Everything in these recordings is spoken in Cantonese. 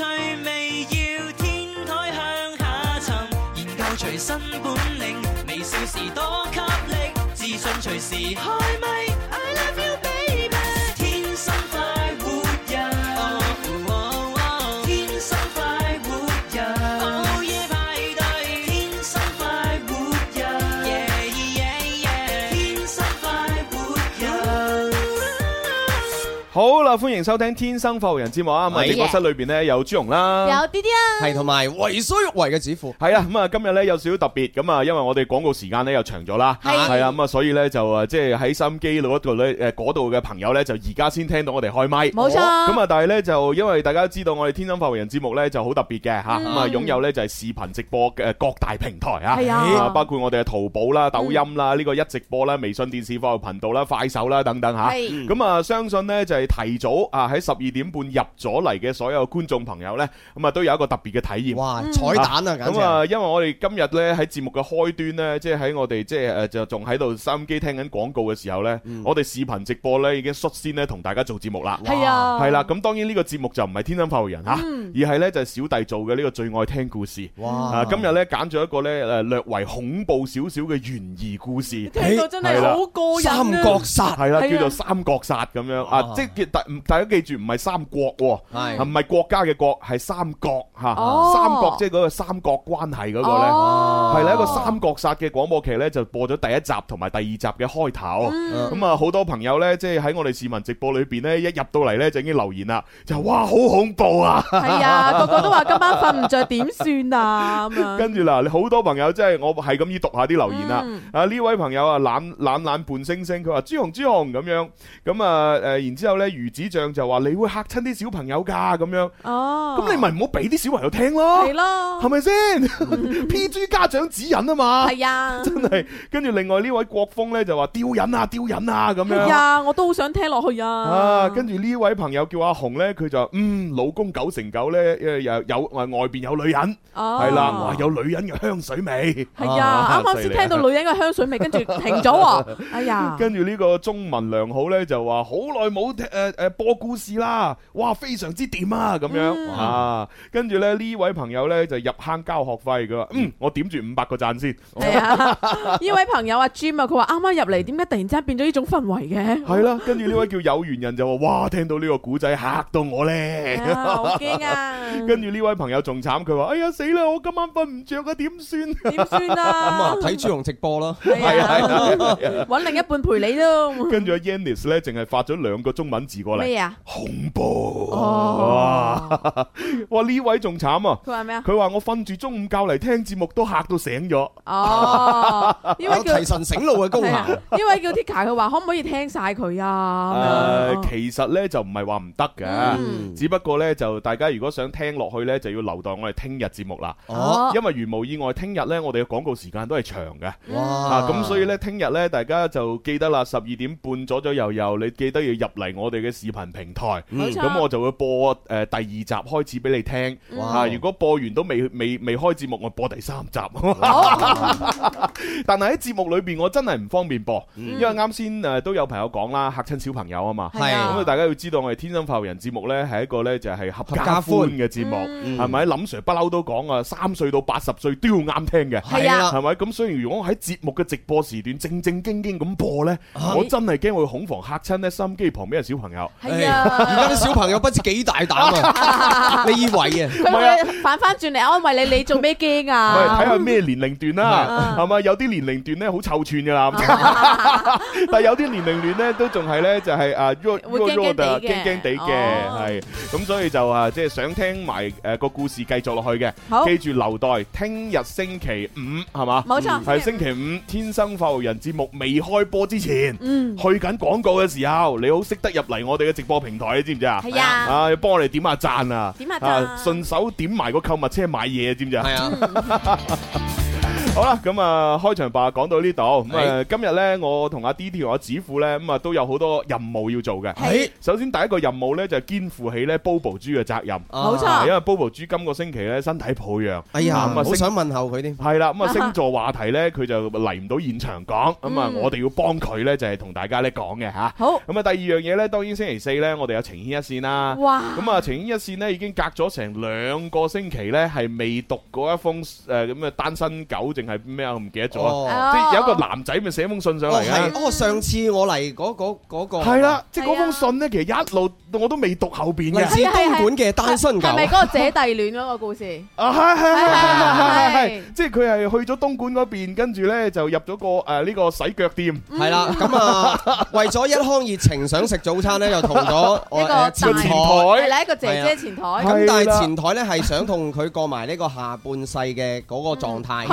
趣味要天台向下沉，研究隨身本領，微笑時多給力，自信隨時開咪。歡迎收聽《天生發圍人》節目啊！咁啊，直播室裏邊咧有朱紅啦，有啲啲啊，係同埋為所欲為嘅指父。係啊，咁啊，今日咧有少少特別咁啊，因為我哋廣告時間咧又長咗啦，係啊，咁啊，所以咧就啊，即係喺收音機嗰度咧，誒，嗰度嘅朋友咧就而家先聽到我哋開麥。冇錯。咁啊，但係咧就因為大家知道我哋《天生發圍人》節目咧就好特別嘅吓，咁啊，擁有咧就係視頻直播嘅各大平台啊，係啊，包括我哋嘅淘寶啦、抖音啦、呢個一直播啦、微信電視發圍頻道啦、快手啦等等吓。咁啊，相信咧就係提。早啊！喺十二點半入咗嚟嘅所有觀眾朋友呢，咁、嗯、啊，都有一個特別嘅體驗。哇！彩蛋啊，咁啊、嗯，因為我哋今日呢，喺節目嘅開端呢，即係喺我哋即係誒、呃、就仲喺度收音機聽緊廣告嘅時候呢，嗯、我哋視頻直播呢已經率先呢同大家做節目啦。係哇啊，係啦、啊。咁當然呢個節目就唔係天生發育人吓，啊嗯、而係呢就係、是、小弟做嘅呢個最愛聽故事。哇！啊、今日呢揀咗一個呢誒略為恐怖少少嘅懸疑故事。嗯、聽過真係好過癮啊！三角殺係啦，叫做三角殺咁樣啊，啊，啊，即大家記住唔係三國喎、哦，係唔係國家嘅國，係三國嚇，哦、三國即係嗰個三角關係嗰個咧，係咧、哦、一個三角殺嘅廣播劇咧，就播咗第一集同埋第二集嘅開頭。咁啊、嗯，好多朋友咧，即係喺我哋市民直播裏邊咧，一入到嚟咧就已經留言啦，就哇好恐怖啊！係啊，個個都話今晚瞓唔着點算 啊，啊跟住嗱，你好多朋友即係、就是、我係咁意讀下啲留言啦。嗯、啊呢位朋友啊，懶懶懶半星星，佢話朱紅朱紅咁樣。咁啊誒，然之後咧、呃、如。指仗，就話你會嚇親啲小朋友噶咁樣。哦，咁你咪唔好俾啲小朋友聽咯，係咯，係咪先？PG 家長指引啊嘛，係啊，真係。跟住另外呢位國風咧就話丟人啊，丟人啊咁樣。係啊，我都好想聽落去啊。啊，跟住呢位朋友叫阿紅咧，佢就嗯，老公九成九咧，因為又有外外邊有女人，係啦，話有女人嘅香水味，係啊，啱啱先聽到女人嘅香水味，跟住停咗喎，哎呀，跟住呢個中文良好咧就話好耐冇聽誒誒。播故事啦，哇，非常之掂啊，咁樣、嗯、啊，跟住咧呢位朋友咧就入坑交學費，佢話嗯，我點住五百個讚先。係啊，呢位朋友阿 Jim 啊，佢話啱啱入嚟，點解突然之間變咗呢種氛圍嘅？係啦，跟住呢位叫有緣人就話哇，聽到呢個古仔嚇到我咧、哎，好驚啊！跟住呢位朋友仲慘，佢話哎呀死啦，我今晚瞓唔着啊，點算？點算啊？咁啊睇豬紅直播咯，係、哎、呀 啊，揾另一半陪你咯、嗯。跟住阿 Yannis 咧淨係發咗兩個中文字過咩啊！恐怖、哦！哇！哇！呢位仲慘啊！佢話咩啊？佢話我瞓住中午覺嚟聽節目，都嚇到醒咗。哦，呢位 叫提神醒腦嘅功能。呢、啊、位叫 Tika 佢話可唔可以聽晒佢啊？誒、呃，嗯、其實咧就唔係話唔得嘅，嗯、只不過咧就大家如果想聽落去咧，就要留待我哋聽日節目啦。哦，因為如無意外，聽日咧我哋嘅廣告時間都係長嘅。哇、嗯！咁、啊嗯嗯嗯、所以咧，聽日咧大家就記得啦，十二點半左左右右，你記得要入嚟我哋嘅時間。視頻平台，咁、嗯、我就會播誒、呃、第二集開始俾你聽。哇、啊，如果播完都未未未開節目，我播第三集。哇 但係喺節目裏邊，我真係唔方便播，嗯、因為啱先誒都有朋友講啦，吓親小朋友啊嘛。係咁、啊、大家要知道，我哋天生發育人節目呢係一個咧就係合家歡嘅節目，係咪、嗯？林 Sir 不嬲都講啊，三歲到八十歲都要啱聽嘅，係啊，係咪？咁雖然如果我喺節目嘅直播時段正正經經咁播呢，啊、我真係驚會恐防吓親呢，心機旁邊嘅小朋友。係啊！而家啲小朋友不知幾大膽啊！你以為啊？佢反翻轉嚟安慰你，你做咩驚啊？睇下咩年齡段啦，係嘛？有啲年齡段咧好臭串噶啦，但係有啲年齡段咧都仲係咧就係啊，會驚驚哋嘅，係咁，所以就啊，即係想聽埋誒個故事繼續落去嘅，好，記住留待聽日星期五，係嘛？冇錯，係星期五天生發育人節目未開播之前，嗯，去緊廣告嘅時候，你好識得入嚟我哋直播平台你知唔知啊？係啊，啊，幫我哋點一下讚啊，點下讚啊，順手點埋個購物車買嘢，知唔知是啊？係啊。好啦，咁、嗯、啊，開場白講到呢度。咁、嗯、啊、嗯，今日咧，我同阿 D D 同阿子富咧，咁啊，都有好多任務要做嘅。係。Hey? 首先第一個任務咧，就係、是、肩負起咧 Bobo 豬嘅責任。冇錯。因為 Bobo 豬今個星期咧身體抱恙。哎呀，我想問候佢添。係啦、嗯，咁啊、嗯，星座話題咧，佢就嚟唔到現場講。咁啊、嗯，我哋要幫佢咧，就係同大家咧講嘅嚇。好。咁啊，第二樣嘢咧，當然星期四咧，我哋有情牽一線啦。哇！咁啊、嗯，情牽一線呢，已經隔咗成兩個星期咧，係未讀過一封誒咁嘅單身狗剩。係咩啊？我唔記得咗。即係有一個男仔咪寫封信上嚟嘅。哦，上次我嚟嗰嗰個，係啦，即係嗰封信咧，其實一路我都未讀後邊嘅。嚟自東莞嘅單身狗，係咪嗰個姐弟戀嗰個故事？係係係係係係，即係佢係去咗東莞嗰邊，跟住咧就入咗個誒呢個洗腳店。係啦，咁啊為咗一腔熱情，想食早餐咧，又同咗個前台係一個姐姐前台。咁但係前台咧係想同佢過埋呢個下半世嘅嗰個狀態。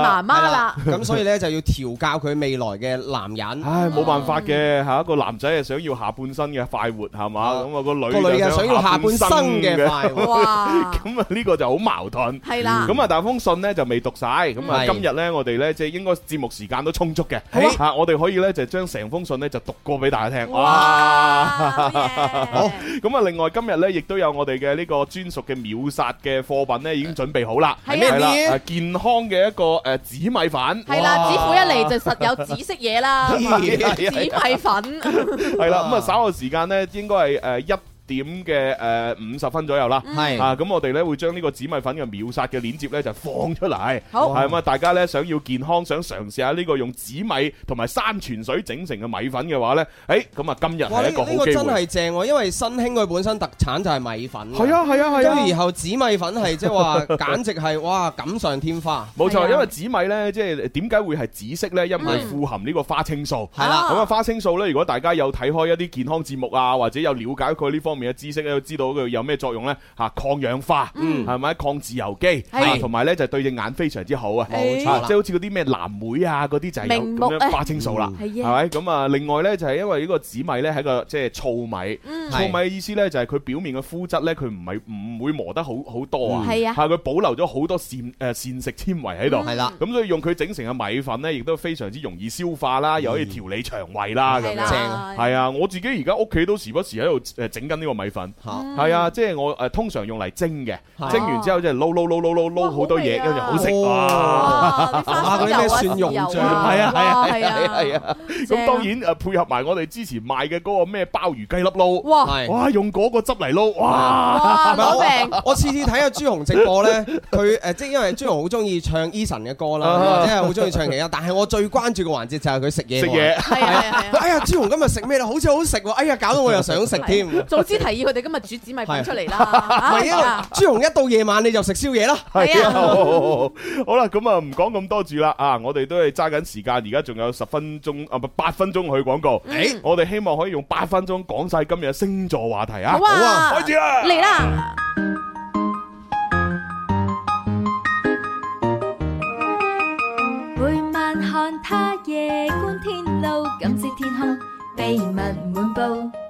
媽媽啦，咁所以咧就要調教佢未來嘅男人。唉，冇辦法嘅，吓一個男仔係想要下半身嘅快活，係嘛？咁啊個女個女嘅想要下半身嘅快活。哇！咁啊呢個就好矛盾。係啦。咁啊，但係封信咧就未讀晒。咁啊，今日咧我哋咧即係應該節目時間都充足嘅。好。吓，我哋可以咧就將成封信咧就讀過俾大家聽。哇！好。咁啊，另外今日咧亦都有我哋嘅呢個專屬嘅秒殺嘅貨品咧，已經準備好啦。係咩？係健康嘅一個。誒、呃，紫米粉係啦，紫府哇一嚟就實有紫色嘢啦， 紫米粉係啦，咁啊、 嗯、稍後時間咧應該係誒一。點嘅誒五十分左右啦，係是啊咁我哋咧會將呢個紫米粉嘅秒殺嘅鏈接咧就放出嚟，好係咁啊！大家咧想要健康，想嘗試下呢個用紫米同埋山泉水整成嘅米粉嘅話咧，誒咁啊今日係一個好機會，呢個呢個真係正喎，因為新興佢本身特產就係米粉，係啊係啊係啊，跟、啊啊啊、然後紫米粉係即係話簡直係 哇錦上添花。冇錯，啊、因為紫米咧即係點解會係紫色咧，因為富含呢個花青素係啦。咁、嗯、啊花青素咧，如果大家有睇開一啲健康節目啊，或者有了解佢呢方面知識咧，知道佢有咩作用咧？嚇抗氧化，嗯，係咪抗自由基？同埋咧就對隻眼非常之好啊！冇即係好似嗰啲咩藍莓啊嗰啲就係花青素啦，係咪？咁啊，另外咧就係因為呢個紫米咧係一個即係糙米，糙米嘅意思咧就係佢表面嘅膚質咧，佢唔係唔會磨得好好多啊，係啊，佢保留咗好多膳誒膳食纖維喺度，係啦，咁所以用佢整成嘅米粉咧亦都非常之容易消化啦，又可以調理腸胃啦，咁樣係啊！我自己而家屋企都時不時喺度誒整緊。呢個米粉係啊，即係我誒通常用嚟蒸嘅，蒸完之後即係撈撈撈撈撈好多嘢，跟住好食啊！嗰啲咩蒜蓉醬係啊係啊係啊，啊，咁當然誒配合埋我哋之前賣嘅嗰個咩鮑魚雞粒撈哇哇，用嗰個汁嚟撈哇！攞命！我次次睇阿朱紅直播咧，佢誒即係因為朱紅好中意唱 Eason 嘅歌啦，即係好中意唱其他，但係我最關注嘅環節就係佢食嘢食嘢，哎呀，朱紅今日食咩？好似好食喎！哎呀，搞到我又想食添。先提議佢哋今日煮紫米飯出嚟啦。朱紅一到夜晚你就食宵夜啦。係啊， 好啦，咁啊唔講咁多住啦啊！我哋都係揸緊時間，而家仲有十分鐘啊，唔係八分鐘去廣告。嗯、我哋希望可以用八分鐘講晒今日嘅星座話題啊。嗯、好啊，好啊，開始啦，嚟啦了。每晚看他夜觀天路，感知天空秘密滿布。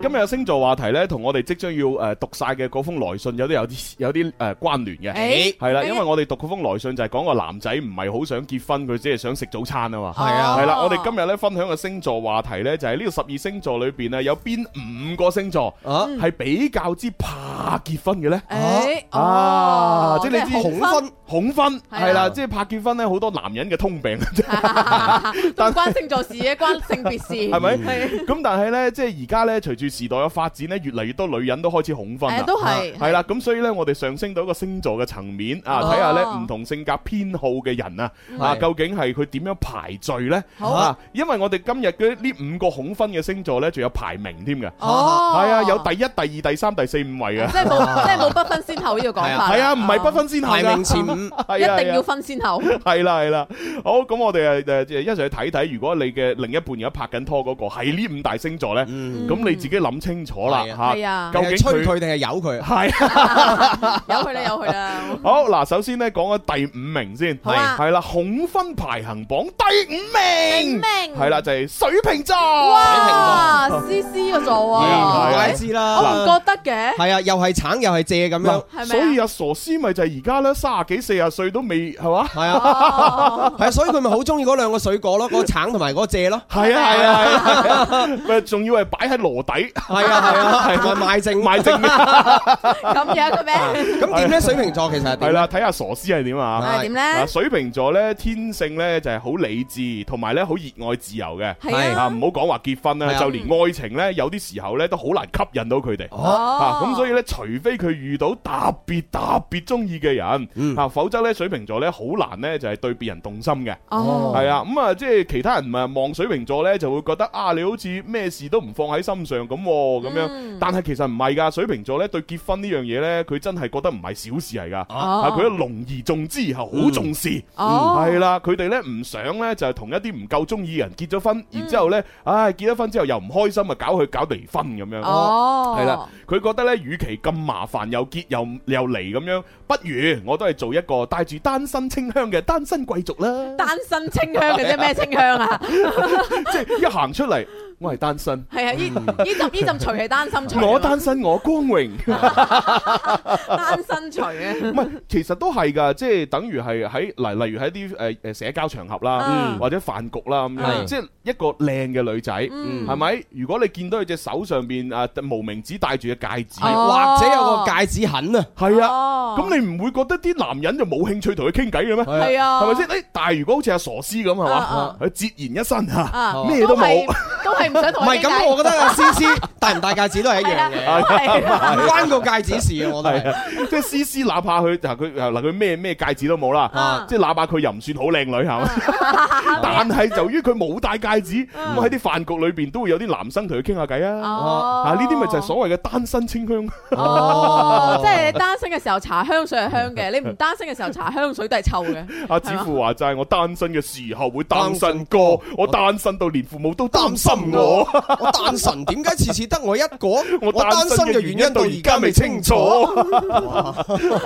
今日嘅星座話題咧，同我哋即將要誒讀晒嘅嗰封來信有啲有啲有啲誒關聯嘅，係啦，因為我哋讀嗰封來信就係講個男仔唔係好想結婚，佢只係想食早餐啊嘛，係啊，係啦，我哋今日咧分享嘅星座話題咧，就係呢個十二星座裏邊啊，有邊五個星座係比較之怕結婚嘅咧，啊，即係你知恐婚，恐婚係啦，即係怕結婚咧，好多男人嘅通病，但唔關星座事嘅，關性別事係咪？咁但係咧，即係而家咧，隨住。隨時代嘅發展咧，越嚟越多女人都開始恐婚啦。誒，都係係啦，咁所以咧，我哋上升到一個星座嘅層面啊，睇下咧唔同性格偏好嘅人啊，啊，究竟係佢點樣排序咧？啊，因為我哋今日呢五個恐婚嘅星座咧，仲有排名添嘅。哦，係啊，有第一、第二、第三、第四、五位啊。即係冇，即係冇不分先後呢個講法。係啊，唔係不分先後，前五，一定要分先後。係啦，係啦。好，咁我哋誒誒一齊去睇睇，如果你嘅另一半而家拍緊拖嗰個係呢五大星座咧，咁你。.自己諗清楚啦吓，究竟催佢定係由佢？係由佢啦，由佢啦。好嗱，首先咧講啊第五名先，係啦，恐婚排行榜第五名，名係啦，就係水瓶座哇，詩詩個座啊，唔知啦。我唔覺得嘅，係啊，又係橙又係借咁樣，係咪？所以阿傻詩咪就係而家咧，卅幾四十歲都未係嘛？係啊，啊！所以佢咪好中意嗰兩個水果咯，嗰個橙同埋嗰個借咯。係啊，係啊，咪仲要係擺喺羅底。係，啊、哎，係啊，係賣剩賣剩嘅，咁 樣嘅咩？咁點咧？水瓶座其實係啦，睇下傻師係點啊？係點咧？水瓶座咧，天性咧就係、是、好理智，同埋咧好熱愛自由嘅，係的啊，唔好講話結婚啦，的就連愛情咧，有啲時候咧都好難吸引到佢哋，哦，咁、啊、所以咧，除非佢遇到特別特別中意嘅人，嗯、啊，否則咧水瓶座咧好難咧就係、是、對別人動心嘅，哦，係啊，咁、嗯、啊、嗯，即係其他人唔望水瓶座咧，就會覺得啊，你好似咩事都唔放喺心上。咁咁樣，但係其實唔係噶，水瓶座咧對結婚呢樣嘢咧，佢真係覺得唔係小事嚟噶，係佢一隆而重之，係好重視，係啦。佢哋咧唔想咧就係同一啲唔夠中意嘅人結咗婚，然之後咧，唉，結咗婚之後又唔開心，咪搞佢搞離婚咁樣，係啦。佢覺得咧，與其咁麻煩又結又又離咁樣，不如我都係做一個帶住單身清香嘅單身貴族啦。單身清香嘅啫，咩清香啊？即係一行出嚟，我係單身。係啊，呢陣除，係單身除，我單身我光榮，單身除啊！唔係，其實都係噶，即係等於係喺，嗱，例如喺啲誒誒社交場合啦，或者飯局啦咁樣，即係一個靚嘅女仔，係咪？如果你見到佢隻手上邊啊無名指戴住嘅戒指，或者有個戒指痕啊，係啊，咁你唔會覺得啲男人就冇興趣同佢傾偈嘅咩？係啊，係咪先？誒，但係如果好似阿傻師咁係嘛，佢孑然一身啊，咩都冇，都係唔想同佢傾偈。唔係咁，我覺得啊，戴唔戴戒指都係一樣嘅，關個戒指事啊！我哋即係思思，哪怕佢就佢嗱佢咩咩戒指都冇啦，即係哪怕佢又唔算好靚女係嘛，但係由於佢冇戴戒指，我喺啲飯局裏邊都會有啲男生同佢傾下偈啊！啊呢啲咪就係所謂嘅單身清香哦，即係你單身嘅時候搽香水係香嘅，你唔單身嘅時候搽香水都係臭嘅。啊，似乎話就係我單身嘅時候會單身過，我單身到連父母都擔心我，我單身點解？次次得我一個，我單身嘅原因到而家未清楚，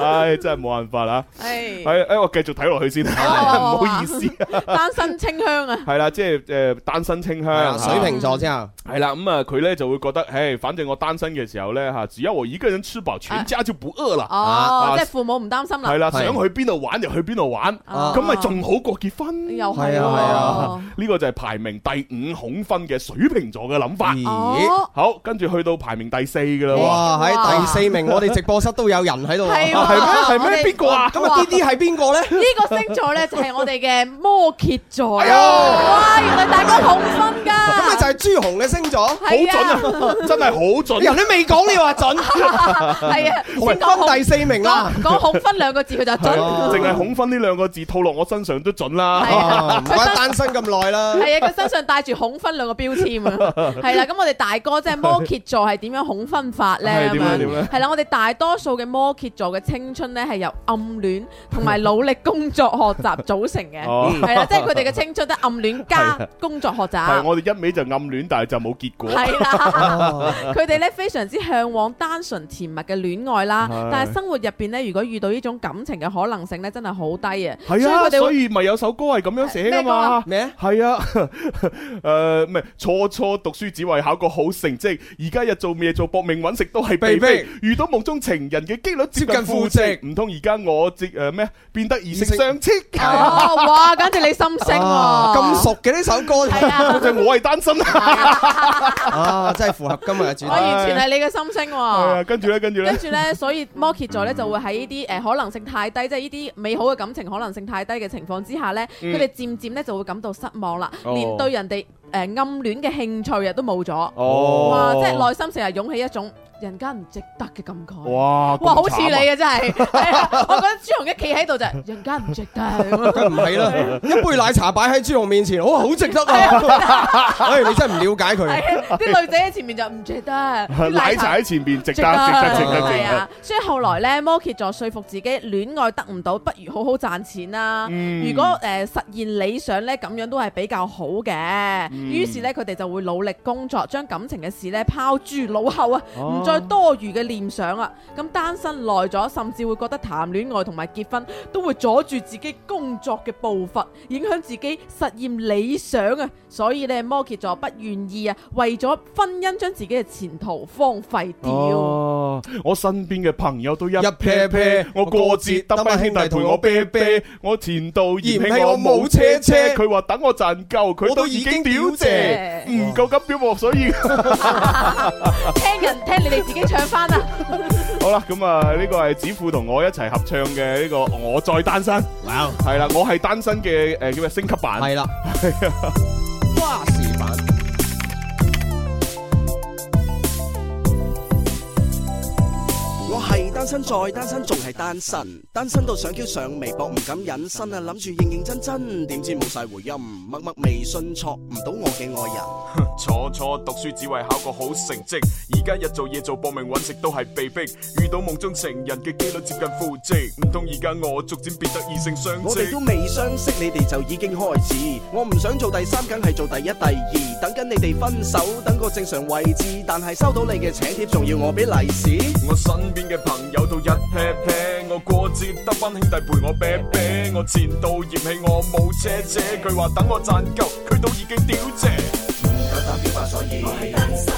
唉，真係冇辦法啦。係，誒，我繼續睇落去先，唔好意思。單身清香啊，係啦，即係誒，單身清香，水瓶座之後，係啦，咁啊，佢咧就會覺得，誒，反正我單身嘅時候咧吓，只要我一個人吃飽，全家就不餓啦。哦，即係父母唔擔心啦。係啦，想去邊度玩就去邊度玩，咁咪仲好過結婚。又係啊，係啊，呢個就係排名第五恐婚嘅水瓶座嘅諗法。哦。好，跟住去到排名第四噶啦，哇！喺第四名，我哋直播室都有人喺度，係咩？係咩？邊個啊？咁啊？啲啲係邊個咧？呢個星座咧就係我哋嘅摩羯座，哇！原來大家恐婚噶，咁啊就係朱紅嘅星座，好準啊，真係好準。人你未講你話準，係啊，恐婚第四名啊，講恐婚兩個字佢就準，淨係恐婚呢兩個字套落我身上都準啦，唔怪得單身咁耐啦。係啊，佢身上帶住恐婚兩個標籤啊，係啦。咁我哋大。嗰隻摩羯座係點樣恐婚法呢？咁樣係啦，我哋大多數嘅摩羯座嘅青春呢，係由暗戀同埋努力工作學習組成嘅，係啦、 哦，即係佢哋嘅青春都暗戀加工作學習。係我哋一味就暗戀，但係就冇結果。係啦的，佢哋呢非常之向往單純甜蜜嘅戀愛啦，的但係生活入邊呢，如果遇到呢種感情嘅可能性呢，真係好低啊！係啊，所以咪有首歌係咁樣寫啊嘛？咩啊？係啊麼，誒唔係初初讀書只為考個好成績而家又做咩做，搏命揾食都係被飛，遇到夢中情人嘅機率接近負值，唔通而家我直誒咩變得異性相斥？哦，哇，簡直你心聲啊！咁熟嘅呢首歌，我係單身啊！真係符合今日嘅主題，我完全係你嘅心聲喎！跟住咧，跟住咧，跟住咧，所以摩羯座咧就會喺呢啲誒可能性太低，即係呢啲美好嘅感情可能性太低嘅情況之下咧，佢哋漸漸咧就會感到失望啦，連對人哋誒暗戀嘅興趣都冇咗。哇！即係內心成日湧起一種人家唔值得嘅感覺。哇，哇好似你啊，真係，我覺得朱紅一企喺度就人家唔值得咁，梗唔係啦，一杯奶茶擺喺朱紅面前，哇好值得啊！唉，你真係唔了解佢。啲女仔喺前面就唔值得，奶茶喺前面值得，值得，值得。係啊，所以後來咧，摩羯座說服自己戀愛得唔到，不如好好賺錢啦。如果誒實現理想咧，咁樣都係比較好嘅。於是咧，佢哋就會努力工作，將感情嘅事咧拋諸腦後啊。再多餘嘅念想啊！咁單身耐咗，甚至會覺得談戀愛同埋結婚都會阻住自己工作嘅步伐，影響自己實現理想啊！所以咧摩羯座不願意啊，為咗婚姻將自己嘅前途荒廢掉，啊。我身邊嘅朋友都一啤啤，我過節得班兄弟陪我啤啤，我，呸呸我前度嫌棄我冇車車，佢話車等我賺夠，佢都已經表謝，唔夠金表，所以聽人聽你。 自己唱翻啦！ 好啦，咁啊，呢、這個係子富同我一齊合唱嘅呢、這個《我再單身》。哇！係啦，我係單身嘅誒、呃，叫咩升級版？係啦的，花式版。我係。 單身再單身仲係單身，單身到想 Q 上微博唔敢隱身啊！諗住認認真真，點知冇晒回音，默默微信錯唔到我嘅愛人。初初讀書只為考個好成績，而家日做夜做搏命揾食都係被逼，遇到夢中情人嘅機率接近負值，唔通而家我逐漸變得異性相。我哋都未相識，你哋就已經開始。我唔想做第三，梗係做第一、第二。等緊你哋分手，等個正常位置。但係收到你嘅請帖，仲要我俾利是？我身邊嘅朋有到一 p a 我過節得翻兄弟陪我啤啤，我前度嫌棄我冇車車，佢話等我賺夠，佢都已經屌謝，唔夠膽表白，所以，我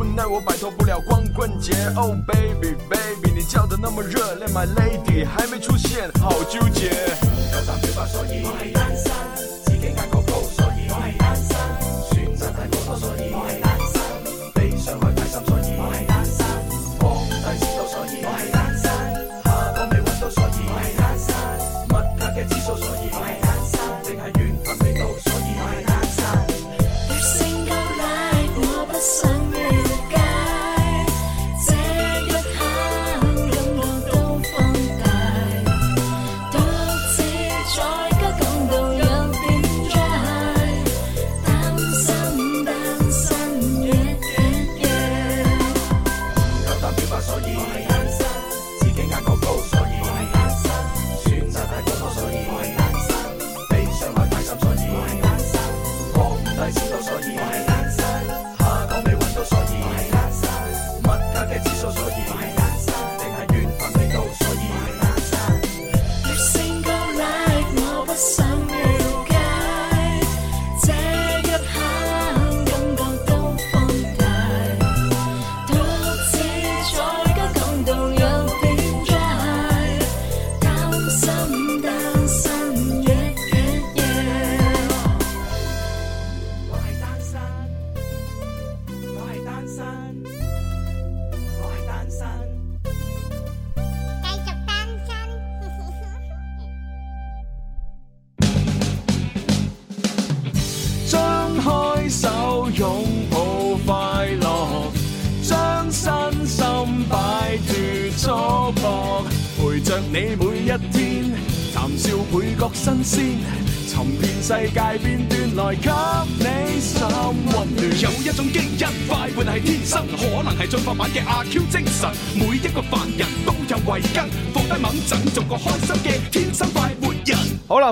無奈我擺脫不了光棍節。Oh baby baby，你叫得那麼熱烈，My lady 還沒出現，好糾結。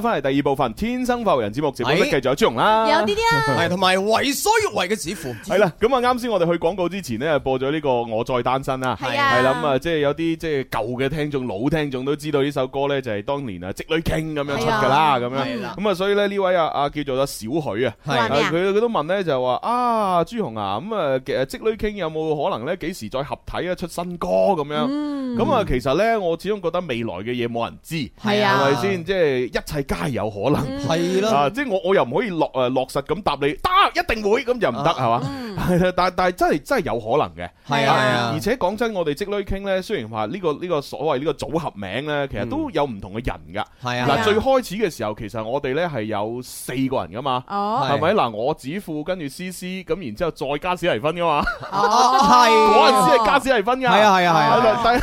翻嚟第二部分，天生為人節目，接落去繼續有朱紅啦，有啲啲啊，同埋為所欲為嘅似乎係啦。咁啊，啱先我哋去廣告之前呢，播咗呢個我再單身啦，係啊係啦咁啊，即係有啲即係舊嘅聽眾、老聽眾都知道呢首歌咧，就係當年啊《積女傾》咁樣出㗎啦，咁樣咁啊，所以咧呢位啊啊叫做小許啊，係佢佢都問咧就話啊朱紅啊咁啊《積女傾》有冇可能咧幾時再合體啊出新歌咁樣？咁啊，其實咧我始終覺得未來嘅嘢冇人知，係啊，係咪先？即係一切。皆有可能，係 咯樂是的、啊，即係我我又唔可以落誒落實咁答你，答，一定會咁又唔得係嘛，係、啊、但係但係真係真係有可能嘅，係啊，是啊是而且講真，我哋積女傾咧，雖然話呢、這個呢、這個、這個、所謂呢個組合名咧，其實都有唔同嘅人噶，嗱、啊啊、最開始嘅時候，其實我哋咧係有四個人噶嘛，係咪嗱我指富跟住 C C，咁然之後再加史提芬噶嘛，係嗰陣時係加史提芬噶，係啊係啊係啊。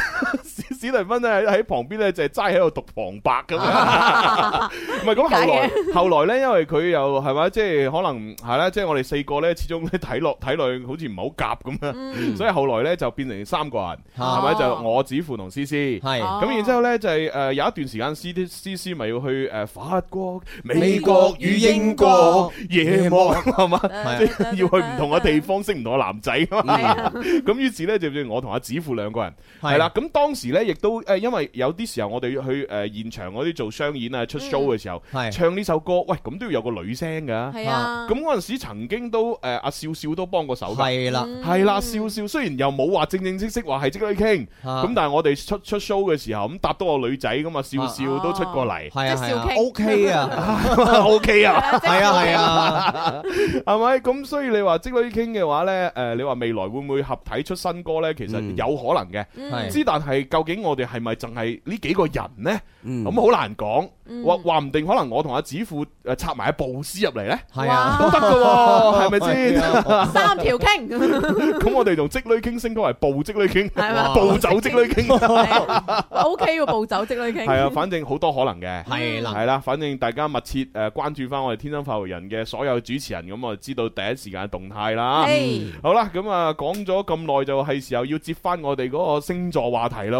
史蒂芬咧喺旁邊咧就係齋喺度讀旁白噶嘛，唔係咁後來後來咧因為佢又係咪？即係可能係啦，即係我哋四個咧始終咧睇落睇落好似唔係好夾咁樣，所以後來咧就變成三個人，係咪就我子父同 C C，係，咁然之後咧就係誒有一段時間 C D C C 咪要去誒法國、美國與英國夜臥係嘛，即係要去唔同嘅地方識唔同嘅男仔，咁於是咧就變我同阿子父兩個人係啦，咁當時咧。亦都誒，因為有啲時候我哋去誒現場嗰啲做商演啊、出 show 嘅時候，唱呢首歌，喂，咁都要有個女聲噶。係啊，咁陣時曾經都誒阿笑笑都幫過手噶。係啦，係啦，笑笑雖然又冇話正正式式話係積女傾，咁但係我哋出出 show 嘅時候咁搭多個女仔咁啊，笑笑都出過嚟。係啊，笑笑 OK 啊，OK 啊，係啊，係啊，係咪？咁所以你話積女傾嘅話咧，誒，你話未來會唔會合體出新歌咧？其實有可能嘅。嗯，之但係究竟？我哋係咪淨係呢幾個人呢？咁好難講，話話唔定可能我同阿子富誒插埋一布斯入嚟呢，係啊都得嘅，係咪先？三條傾，咁我哋從積女傾升開為暴積女傾，暴走積女傾，O K，個暴走積女傾係啊，反正好多可能嘅，係啦，係啦，反正大家密切誒關注翻我哋天生快活人嘅所有主持人，咁我哋知道第一時間嘅動態啦。好啦，咁啊講咗咁耐，就係時候要接翻我哋嗰個星座話題啦。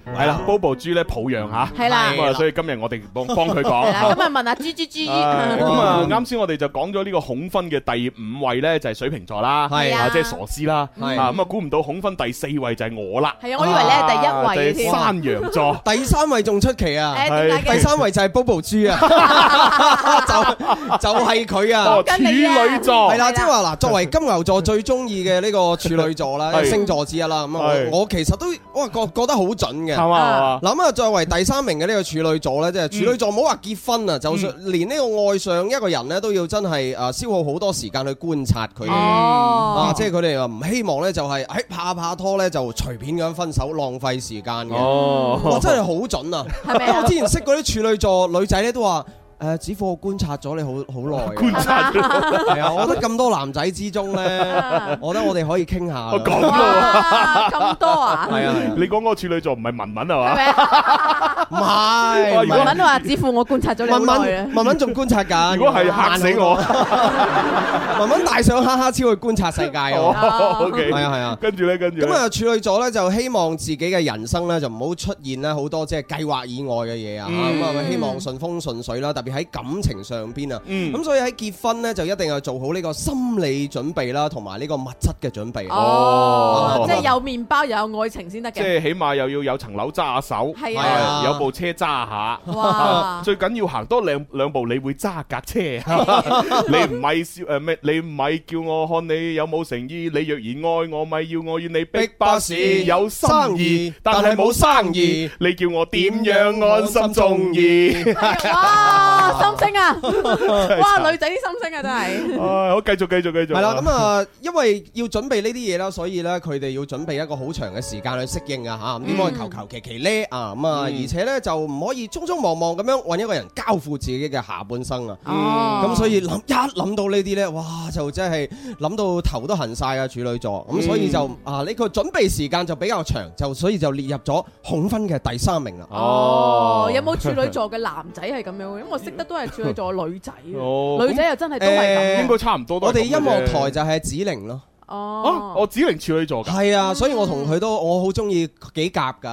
係啦，Bobo 豬咧抱恙吓，係啦，咁啊，所以今日我哋幫幫佢講，今日問下豬豬豬，咁啊，啱先我哋就講咗呢個恐婚嘅第五位咧就係水瓶座啦，係啊，即係傻師啦，啊咁啊，估唔到恐婚第四位就係我啦，係啊，我以為你係第一位添，山羊座第三位仲出奇啊，第三位就係 Bobo 豬啊，就就係佢啊，處女座係啦，即係話嗱，作為金牛座最中意嘅呢個處女座啦，星座之一啦，咁啊，我其實都我覺覺得好準嘅。咁啊！啊，作為第三名嘅呢個處女座咧，即、就、係、是、處女座，唔好話結婚啊，嗯、就算連呢個愛上一個人咧，都要真係啊消耗好多時間去觀察佢、哦、啊，即係佢哋話唔希望呢就係誒拍下拍拖呢就隨便咁分手，浪費時間嘅。我、哦、真係好準啊！因為 我之前識嗰啲處女座女仔呢都話。誒，子富，我觀察咗你好好耐。觀察，係啊，我覺得咁多男仔之中咧，我覺得我哋可以傾下。我講啦，咁多啊？係啊，你講嗰個處女座唔係文文係嘛？唔係，文文都話子富，我觀察咗你文文，文文仲觀察緊，如果係嚇死我，文文帶上哈哈超去觀察世界啊啊係啊，跟住咧跟住。咁啊，處女座咧就希望自己嘅人生咧就唔好出現咧好多即係計劃以外嘅嘢啊，咁啊希望順風順水啦，特別。喺感情上邊啊，咁所以喺結婚咧就一定要做好呢個心理準備啦，同埋呢個物質嘅準備。哦，即係有麵包又有愛情先得嘅。即係起碼又要有層樓揸下手，係啊，有部車揸下。哇！最緊要行多兩兩步，你會揸架車。你唔係笑誒咩？你唔係叫我看你有冇誠意？你若然愛我，咪要我要你逼巴士有生意，但係冇生意，你叫我點樣安心中意？心聲啊，哇，女仔啲心聲啊，真係，我繼續繼續繼續。係啦，咁啊，因為要準備呢啲嘢啦，所以咧佢哋要準備一個好長嘅時間去適應啊，吓，唔可以求求其其咧啊，咁啊，而且咧就唔可以匆匆忙忙咁樣揾一個人交付自己嘅下半生啊，咁所以諗一諗到呢啲咧，哇，就真係諗到頭都痕晒啊，處女座，咁所以就啊呢個準備時間就比較長，就所以就列入咗恐婚嘅第三名啦。哦，有冇處女座嘅男仔係咁樣？因為我識。得都係做做女仔，哦、女仔又真係都係咁。應該差唔多，我哋音樂台就係子玲咯。哦，我子玲處女座㗎，係啊，所以我同佢都我好中意幾夾㗎。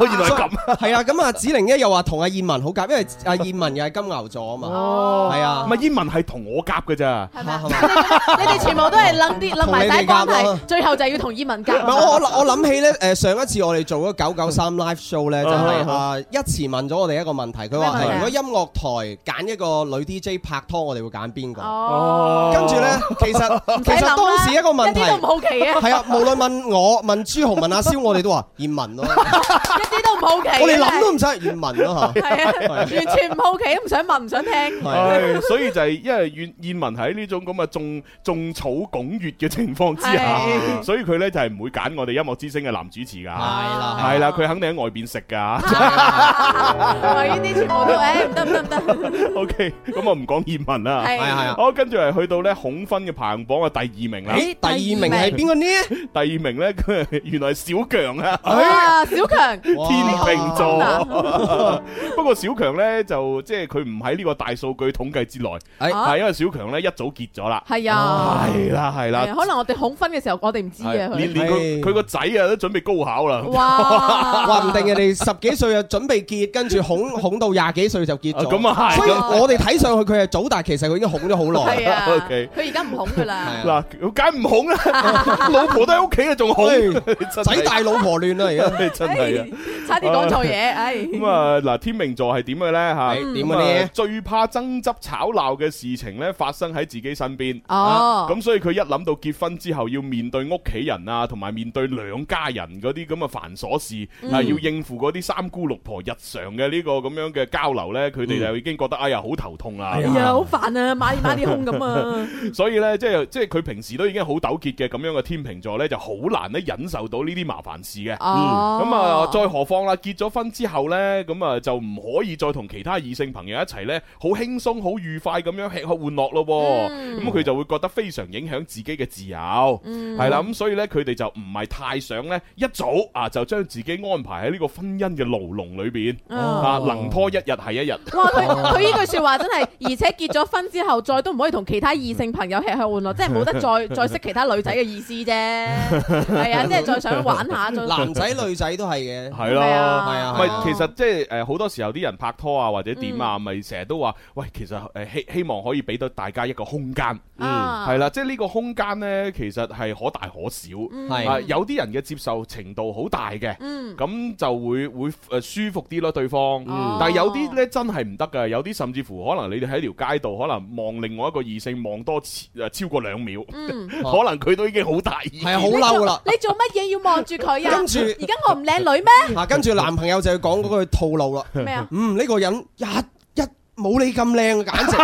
我原來咁，係啊，咁啊，子玲咧又話同阿燕文好夾，因為阿燕文又係金牛座啊嘛。哦，係啊，唔係，燕文係同我夾㗎咋。係嘛？你哋全部都係諗啲諗埋底關係，最後就要同燕文夾。唔係我我我諗起咧，誒上一次我哋做嗰九九三 live show 咧，就係一次問咗我哋一個問題，佢話如果音樂台揀一個女 DJ 拍拖，我哋會揀邊個？哦，跟住咧，其實其實當時一個問。一啲都唔好奇嘅，係啊！無論問我、問朱紅、問阿蕭，我哋都話燕文咯，一啲都唔好奇。我哋諗都唔想燕文咯，係啊，完全唔好奇，唔想問，唔想聽。所以就係因為燕文喺呢種咁嘅種種草拱月嘅情況之下，所以佢咧就係唔會揀我哋音樂之星嘅男主持噶，係啦，係啦，佢肯定喺外邊食噶。呢啲全部都誒得得得。O K，咁我唔講燕文啦，係啊係啊。好，跟住係去到咧恐婚嘅排行榜嘅第二名啦。第二名係邊個呢？第二名咧，佢原來係小強啊！係啊，小強，天秤座。不過小強咧，就即係佢唔喺呢個大數據統計之內，係係因為小強咧一早結咗啦。係啊，係啦，係啦。可能我哋恐婚嘅時候，我哋唔知啊。連連佢佢個仔啊都準備高考啦。哇，話唔定人哋十幾歲啊準備結，跟住恐恐到廿幾歲就結咗。咁啊，所以我哋睇上去佢係早，但係其實佢已經恐咗好耐。佢而家唔恐噶啦。嗱，解唔恐。 老婆都喺屋企啊，仲好、哎，使大老婆亂啦，而家真係啊，差啲講錯嘢，唉、哎。咁啊，嗱，天秤座係點嘅咧？吓、哎，點嘅咧？最怕爭執吵鬧嘅事情咧，發生喺自己身邊。哦，咁所以佢一諗到結婚之後要面對屋企人啊，同埋面對兩家人嗰啲咁嘅繁瑣事，啊、嗯，要應付嗰啲三姑六婆日常嘅呢個咁樣嘅交流咧，佢哋、嗯、就已經覺得哎呀好頭痛啊，哎呀，好煩啊，孖啲孖啲胸咁啊。所以咧，即係即係佢平時都已經好糾結嘅咁樣嘅天秤座呢，就好難咧忍受到呢啲麻煩事嘅。咁啊，再何況啦，結咗婚之後呢，咁啊就唔可以再同其他異性朋友一齊呢，好輕鬆好愉快咁樣吃喝玩樂咯。咁佢、嗯、就會覺得非常影響自己嘅自由，係啦、嗯。咁所以呢，佢哋就唔係太想呢，一早啊就將自己安排喺呢個婚姻嘅牢籠裏邊啊，能拖一日係一日。哇！佢佢呢句說話真係， 而且結咗婚之後，再都唔可以同其他異性朋友吃喝玩樂， 即係冇得再再識其他。睇女仔嘅意思啫，係啊，即係再想玩下，男仔女仔都係嘅，係咯，係啊，唔係，其實即係誒，好多時候啲人拍拖啊，或者點啊，咪成日都話，喂，其實誒希希望可以俾到大家一個空間，係啦，即係呢個空間咧，其實係可大可小，係有啲人嘅接受程度好大嘅，咁就會會誒舒服啲咯，對方，但係有啲咧真係唔得㗎，有啲甚至乎可能你哋喺條街度可能望另外一個異性望多誒超過兩秒，可能。佢都已經好大意，係啊，好嬲啦！你做乜嘢要望住佢啊？跟住，而家我唔靚女咩？嗱，跟住男朋友就要講嗰句套路啦。咩啊？嗯，呢個人一。啊冇你咁靚，簡直。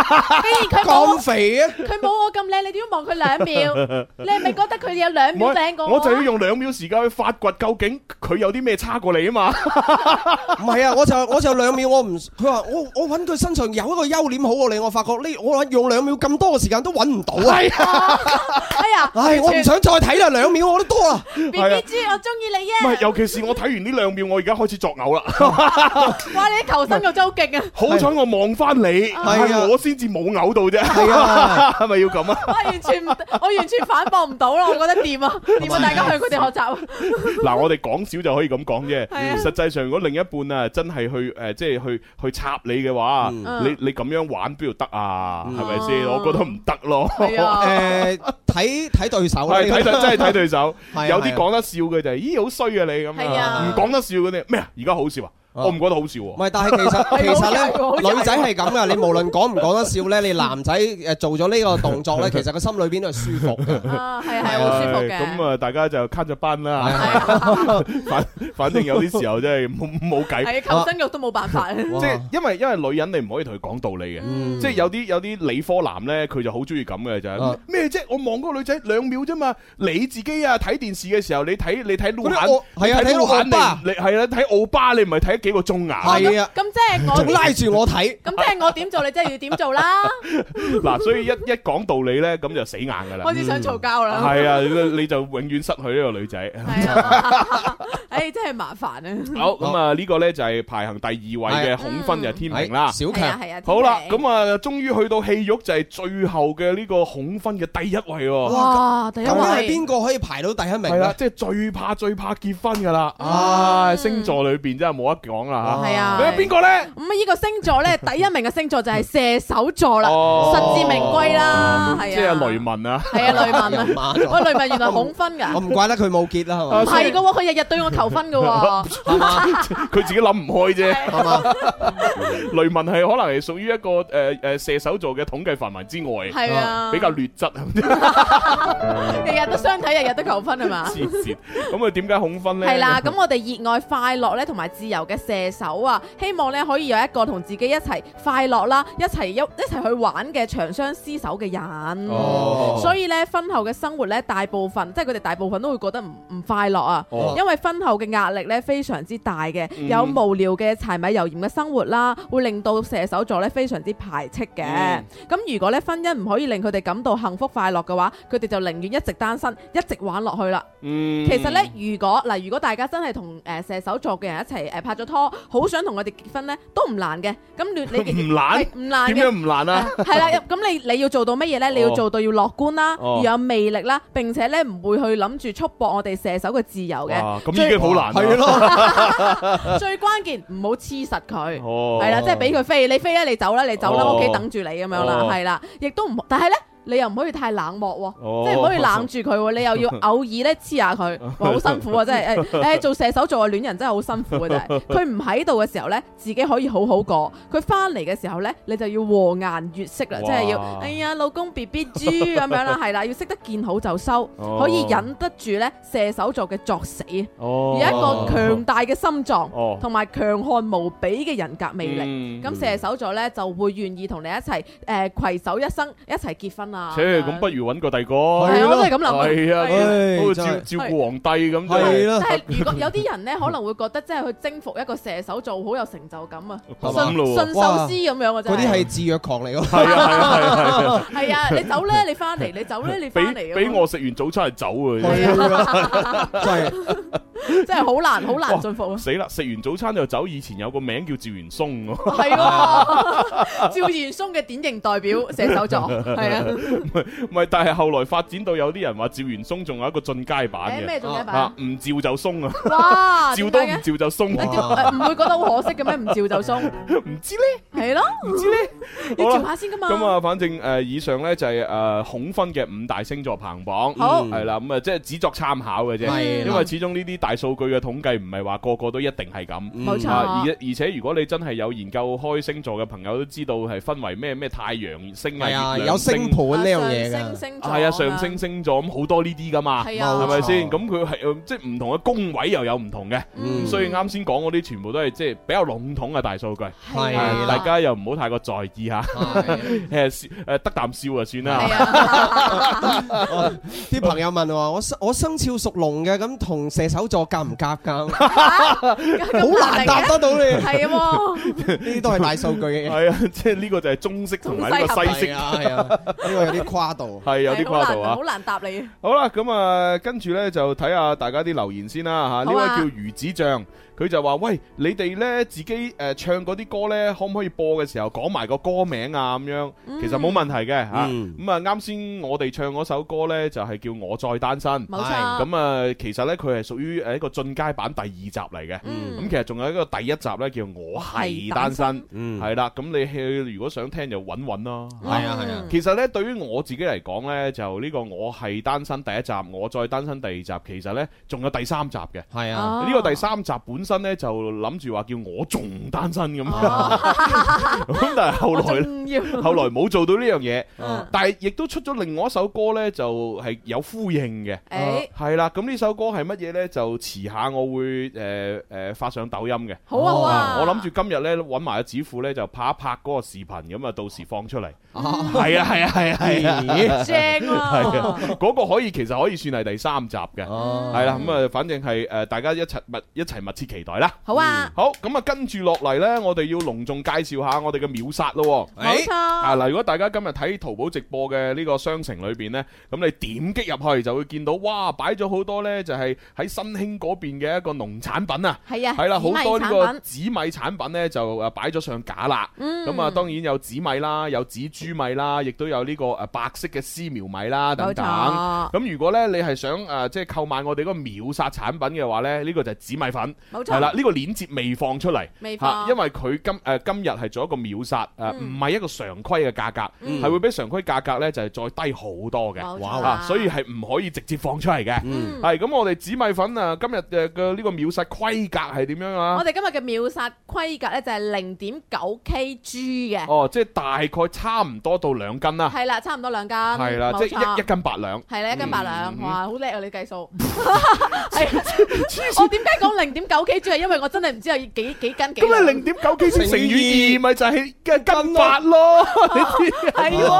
咁肥啊！佢冇我咁靚，你點望佢兩秒？你係咪覺得佢哋有兩秒靚過我？我就要用兩秒時間去發掘究竟佢有啲咩差過你啊嘛？唔係啊，我就我就兩秒我唔，佢話我我揾佢身上有一個優點好過你，我發覺呢我用兩秒咁多嘅時間都揾唔到啊！係啊！哎呀！唉，我唔想再睇啦，兩秒我都多啦。BoBo 豬，我中意你耶！唔係，尤其是我睇完呢兩秒，我而家開始作嘔啦。哇！你求生欲真係好勁啊！好彩我望翻。翻你係我先至冇嘔到啫，係咪要咁啊？我完全我完全反駁唔到咯，我覺得掂啊，希望大家向佢哋學習。嗱，我哋講少就可以咁講啫。實際上，如果另一半啊真係去誒，即係去去插你嘅話，你你咁樣玩邊度得啊？係咪先？我覺得唔得咯。誒，睇睇對手，睇睇真係睇對手。有啲講得笑嘅就係，咦，好衰啊你咁樣，唔講得笑嗰啲咩啊？而家好笑啊！我唔覺得好笑喎。唔係，但係其實其實咧，女仔係咁噶。你無論講唔講得笑咧，你男仔誒做咗呢個動作咧，其實個心裏邊都係舒服嘅。啊，係係好舒服嘅。咁啊，大家就卡咗班啦。係。反反正有啲時候真係冇冇計。係啊，求生慾都冇辦法。即係因為因為女人你唔可以同佢講道理嘅。嗯。即係有啲有啲理科男咧，佢就好中意咁嘅。就係咩？我望嗰個女仔兩秒啫嘛。你自己啊睇電視嘅時候，你睇你睇鹿晗，係啊睇鹿晗，你係啦睇奧巴，你唔係睇。幾個鐘硬係啊！咁即係我拉住我睇，咁即係我點做，你即係要點做啦。嗱，所以一一講道理咧，咁就死硬噶啦。我哋想嘈交啦。係啊，你就永遠失去呢個女仔。係啊，哎，真係麻煩啊。好，咁啊，呢個咧就係排行第二位嘅恐婚嘅天秤啦。小強係啊，好啦，咁啊，終於去到戲肉就係最後嘅呢個恐婚嘅第一位喎。哇，第一位係邊個可以排到第一名咧？即係最怕最怕結婚噶啦。啊，星座裏邊真係冇一講啦吓，係啊，佢邊個咧？咁啊，依個星座咧，第一名嘅星座就係射手座啦，實至名歸啦，係啊，即係雷文啊，係啊，雷文，唔係，雷文原來恐婚噶，我唔怪得佢冇結啦，係嘛，唔係噶喎，佢日日對我求婚噶喎，佢自己諗唔開啫，係嘛，雷文係可能係屬於一個誒誒射手座嘅統計範圍之外，係啊，比較劣質，日日都相睇，日日都求婚係嘛，咁啊，佢點解恐婚咧？係啦，咁我哋熱愛快樂咧，同埋自由嘅。射手啊，希望咧可以有一個同自己一齊快樂啦，一齊一一齊去玩嘅長相廝守嘅人。哦，所以咧婚後嘅生活咧，大部分即係佢哋大部分都會覺得唔唔快樂啊。哦，因為婚後嘅壓力咧非常之大嘅，有無聊嘅柴米油鹽嘅生活啦，會令到射手座咧非常之排斥嘅。咁，哦，如果咧婚姻唔可以令佢哋感到幸福快樂嘅話，佢哋就寧願一直單身，一直玩落去啦。嗯，其實咧如果嗱，如果大家真係同誒射手座嘅人一齊誒拍咗。拖，好想同我哋結婚咧，都唔難嘅。咁你你唔難，唔難嘅。點解唔難啊？係 啦，咁你你要做到乜嘢咧？你要做到、oh. 要樂觀啦，oh. 要有魅力啦，並且咧唔會去諗住束縛我哋射手嘅自由嘅。咁已經好難係咯。 最關鍵唔好黐實佢，係啦，即係俾佢飛。你飛吖，你走啦，你走啦，屋企、oh. 等住你咁樣啦，係啦，亦都唔。但係咧。你又唔可以太冷漠喎，即係唔可以冷住佢，你又要偶爾咧黐下佢，好辛苦啊！真係誒誒做射手座嘅戀人真係好辛苦嘅，真係。佢唔喺度嘅時候咧，自己可以好好過，佢翻嚟嘅時候咧，你就要和顏悅色啦，即係要哎呀老公 BoBo 豬咁樣啦，係啦，要識得見好就收，可以忍得住咧射手座嘅作死，而一個強大嘅心臟同埋強悍無比嘅人格魅力。咁射手座咧就會願意同你一齊誒携手一生，一齊結婚。切，咁不如揾個第個。係啊，我都係咁諗。係啊，照照顧皇帝咁啫。即係如果有啲人咧，可能會覺得即係去征服一個射手，做好有成就感啊，馴馴獸師咁樣嘅啫。嗰啲係自虐狂嚟㗎。係啊，你走咧，你翻嚟，你走咧，你翻嚟？俾我食完早餐係走啊。係啊。真係好難，好難馴服啊！死啦！食完早餐就走。以前有個名叫趙元松，係喎。趙元松嘅典型代表射手座，係啊。唔係，但係後來發展到有啲人話趙元松仲有一個進階版嘅咩？進階版唔照就鬆啊！哇！照都唔照就鬆，唔會覺得好可惜嘅咩？唔照就鬆，唔知咧，係咯，唔知咧，你照下先噶嘛。咁啊，反正誒，以上咧就係誒，恐婚嘅五大星座排行榜，係啦，咁啊，即係只作參考嘅啫，因為始終呢啲大。數據嘅統計，唔係話個個都一定係咁，冇錯。而而且如果你真係有研究開星座嘅朋友都知道係分為咩咩太陽星系啊，有星盤呢樣嘢嘅。係啊，上升星座咁好多呢啲噶嘛，係咪先？咁佢係即係唔同嘅宮位又有唔同嘅，所以啱先講嗰啲全部都係即係比較籠統嘅大數據，係大家又唔好太過在意吓，誒誒得啖笑啊算啦。啲朋友問我，我我生肖屬龍嘅，咁同射手座。夾唔夾噶？好難答得到你，係啊！呢啲都係大數據嘅。係 啊，即係呢個就係中式同埋呢個西式啊，係、這個、 啊，呢個有啲跨度。係有啲跨度啊！好難答你。好啦，咁啊，跟住咧，就睇下大家啲留言先啦，吓，呢個叫魚子醬。佢就話喂，你哋呢？自己誒唱嗰啲歌呢？可唔可以播嘅時候講埋個歌名啊咁樣？其實冇問題嘅吓。咁啊，啱先我哋唱嗰首歌呢，就係叫《我再單身》，冇錯，咁啊，其實呢，佢係屬於誒一個進階版第二集嚟嘅。咁其實仲有一個第一集呢，叫《我係單身》，係啦。咁你去如果想聽就揾揾咯。係啊係啊。其實呢，對於我自己嚟講呢，就呢個我係單身第一集，我再單身第二集，其實呢，仲有第三集嘅。係啊，呢個第三集本身咧，就諗住話叫我仲單身咁，咁、啊、 但係後來咧，後來冇做到呢樣嘢，啊、但係亦都出咗另外一首歌，、欸嗯、首歌呢，就係有呼應嘅，係啦。咁呢首歌係乜嘢呢？就遲下我會誒誒、呃呃、發上抖音嘅。好啊，我諗住今日呢，揾埋阿子富呢，就拍一拍嗰個視頻咁啊，到時放出嚟。啊哦，係啊，係啊，係啊，係啊，正喎，係啊，嗰個可以，其實可以算係第三集嘅，係啦，咁啊，反正係誒，大家一齊密一齊密切期待啦。好啊，好，咁啊，跟住落嚟咧，我哋要隆重介紹下我哋嘅秒殺咯，冇錯啊！嗱，如果大家今日睇淘寶直播嘅呢個商城裏邊咧，咁你點擊入去就會見到，哇，擺咗好多咧，就係喺新興嗰邊嘅一個農產品啊，係啊，係啦，好多呢個紫米產品咧就誒擺咗上架啦，咁啊，當然有紫米啦，有紫珠。豬米啦，亦都有呢個誒白色嘅絲苗米啦等等。咁錯如果咧你係想誒即係購買我哋嗰個秒殺產品嘅話咧，呢、這個就係紫米粉。係啦錯，呢、這個鏈接未放出嚟。未放，啊、因為佢今誒、呃、今日係做一個秒殺誒，唔係、嗯啊、一個常規嘅價格，係、嗯、會比常規價格咧就係、是、再低好多嘅、嗯哇。所以係唔可以直接放出嚟嘅。係咁、嗯，我哋紫米粉啊，今日嘅呢、呃這個、個秒殺規格係點樣啊？我哋今日嘅秒殺規格咧就係零點九 Kg 嘅。哦，即係、哦就是、大概差唔。多到兩斤啦，係啦，差唔多兩斤，係啦，即係一一斤八兩，係啦，一斤八兩，哇，好叻啊！你計數，我點解講零點九幾？主要係因為我真係唔知係幾幾斤幾，咁你零點九幾乘以二，咪就係斤八咯？係喎，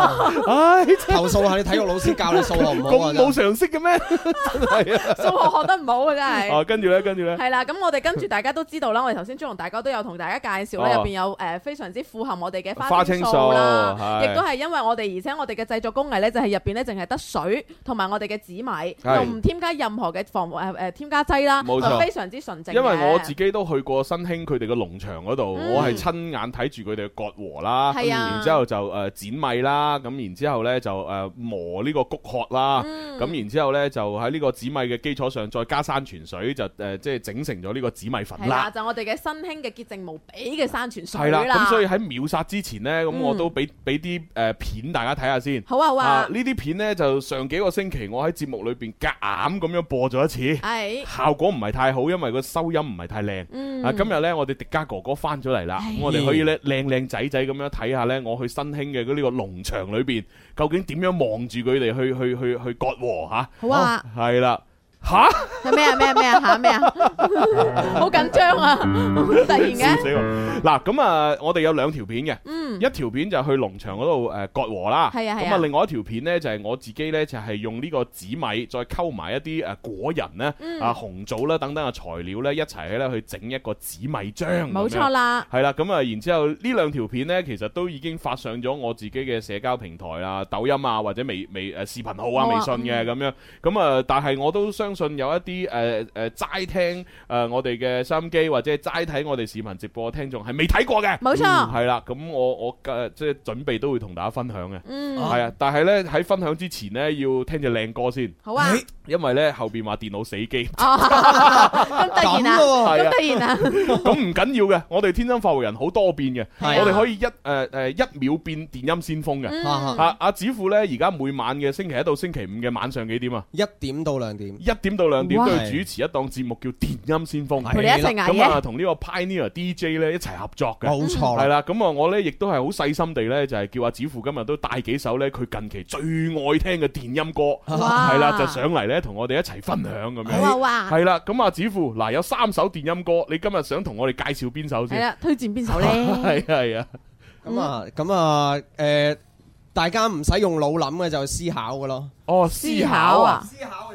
唉，投訴下你體育老師教你數學唔好啊，咁冇常識嘅咩？真係啊，數學學得唔好啊，真係。哦，跟住咧，跟住咧，係啦，咁我哋跟住大家都知道啦，我哋頭先中龍大哥都有同大家介紹啦，入邊有誒非常之富含我哋嘅花青素啦。亦都係因為我哋，而且我哋嘅製作工藝咧，就係入邊咧，淨係得水同埋我哋嘅紫米，就唔是添加任何嘅防誒誒、呃、添加劑啦，就錯非常之純正。因為我自己都去過新興佢哋嘅農場嗰度，嗯、我係親眼睇住佢哋割禾啦，咁、啊、然之後，後就誒剪米啦，咁然之後咧就誒磨呢個谷殼啦，咁、嗯、然之後咧就喺呢個紫米嘅基礎上再加山泉水，就誒即係整成咗呢個紫米粉啦、啊。就我哋嘅新興嘅潔淨無比嘅山泉水。係啦、啊，咁所以喺秒殺之前咧，咁我都俾俾。嗯呢啲片大家睇下先、啊，好啊好啊，呢啲片呢，就上幾個星期我喺節目裏邊夾硬咁樣播咗一次，係、哎、效果唔係太好，因為個收音唔係太靚。嗯、啊，今日呢，我哋迪加哥哥翻咗嚟啦，哎、我哋可以咧靚靚仔仔咁樣睇下呢，我去新興嘅呢個農場裏邊，究竟點樣望住佢哋去去去，去割禾、啊、好啊，係啦、啊。吓？咩哈 啊？咩、嗯、啊？咩啊？吓？咩啊？好緊張啊！突然嘅。嗱咁啊，我哋有兩條片嘅，嗯、一條片就去農場嗰度誒割禾啦。係啊係啊咁啊，啊，另外一條片呢，就係、是、我自己呢，就係、是、用呢個紫米再溝埋一啲誒果仁呢、嗯、啊紅棗啦等等嘅材料呢，一齊咧去整一個紫米漿。冇錯、嗯、啦。係啦，咁啊，啊，然之後呢、啊、兩條片呢，其實都已經發上咗我自己嘅社交平台啊、抖音啊或者微微誒視頻號啊、微信嘅咁樣。咁、哦嗯、啊，但係、嗯啊啊、我都相。相信有一啲誒誒齋聽誒我哋嘅收音機或者齋睇我哋視頻直播嘅聽眾係未睇過嘅，冇錯，係啦。咁我我誒即係準備都會同大家分享嘅，係啊。但係咧喺分享之前呢，要聽隻靚歌先，好啊。因為咧後邊話電腦死機，咁突然啊，咁突然啊，咁唔緊要嘅。我哋天生發佈人好多變嘅，我哋可以一誒誒一秒變電音先鋒嘅。阿阿子富咧而家每晚嘅星期一到星期五嘅晚上幾點啊？一點到兩點一點到兩點，都要主持一檔節目，哇 叫電音先鋒，咁啊同呢個 Pioneer DJ 咧一齊合作嘅，冇錯啦。係啦，咁啊我咧亦都係好細心地咧就係叫阿子富今日都帶幾首咧佢近期最愛聽嘅電音歌，係啦哇 就上嚟咧同我哋一齊分享咁樣，係啦哇。咁啊子富嗱有三首電音歌，你今日想同我哋介紹邊首先？推薦邊首咧？係係啊，咁啊咁啊，誒、呃，大家唔使用腦諗嘅就思考㗎咯。哦，思考啊，思考、啊。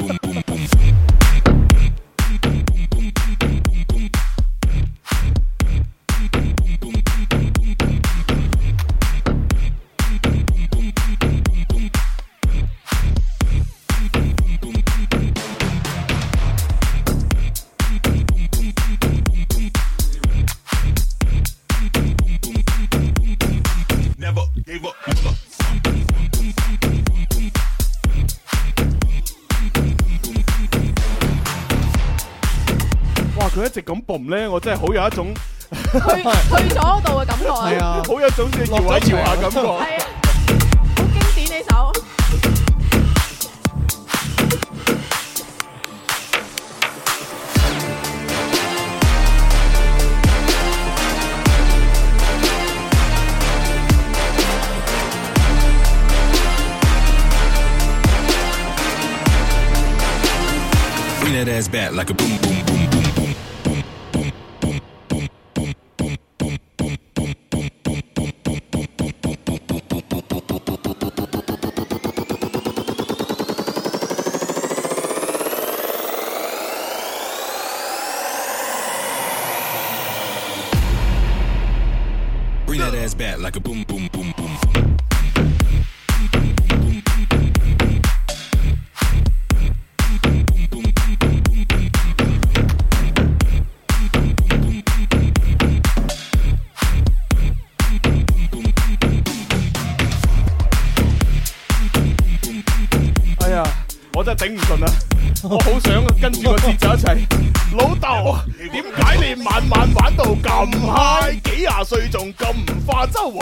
一直咁 boom 咧，我真係好有一種去去咗嗰度嘅感覺，好有一種搖下搖下啊，感覺，好經典呢首。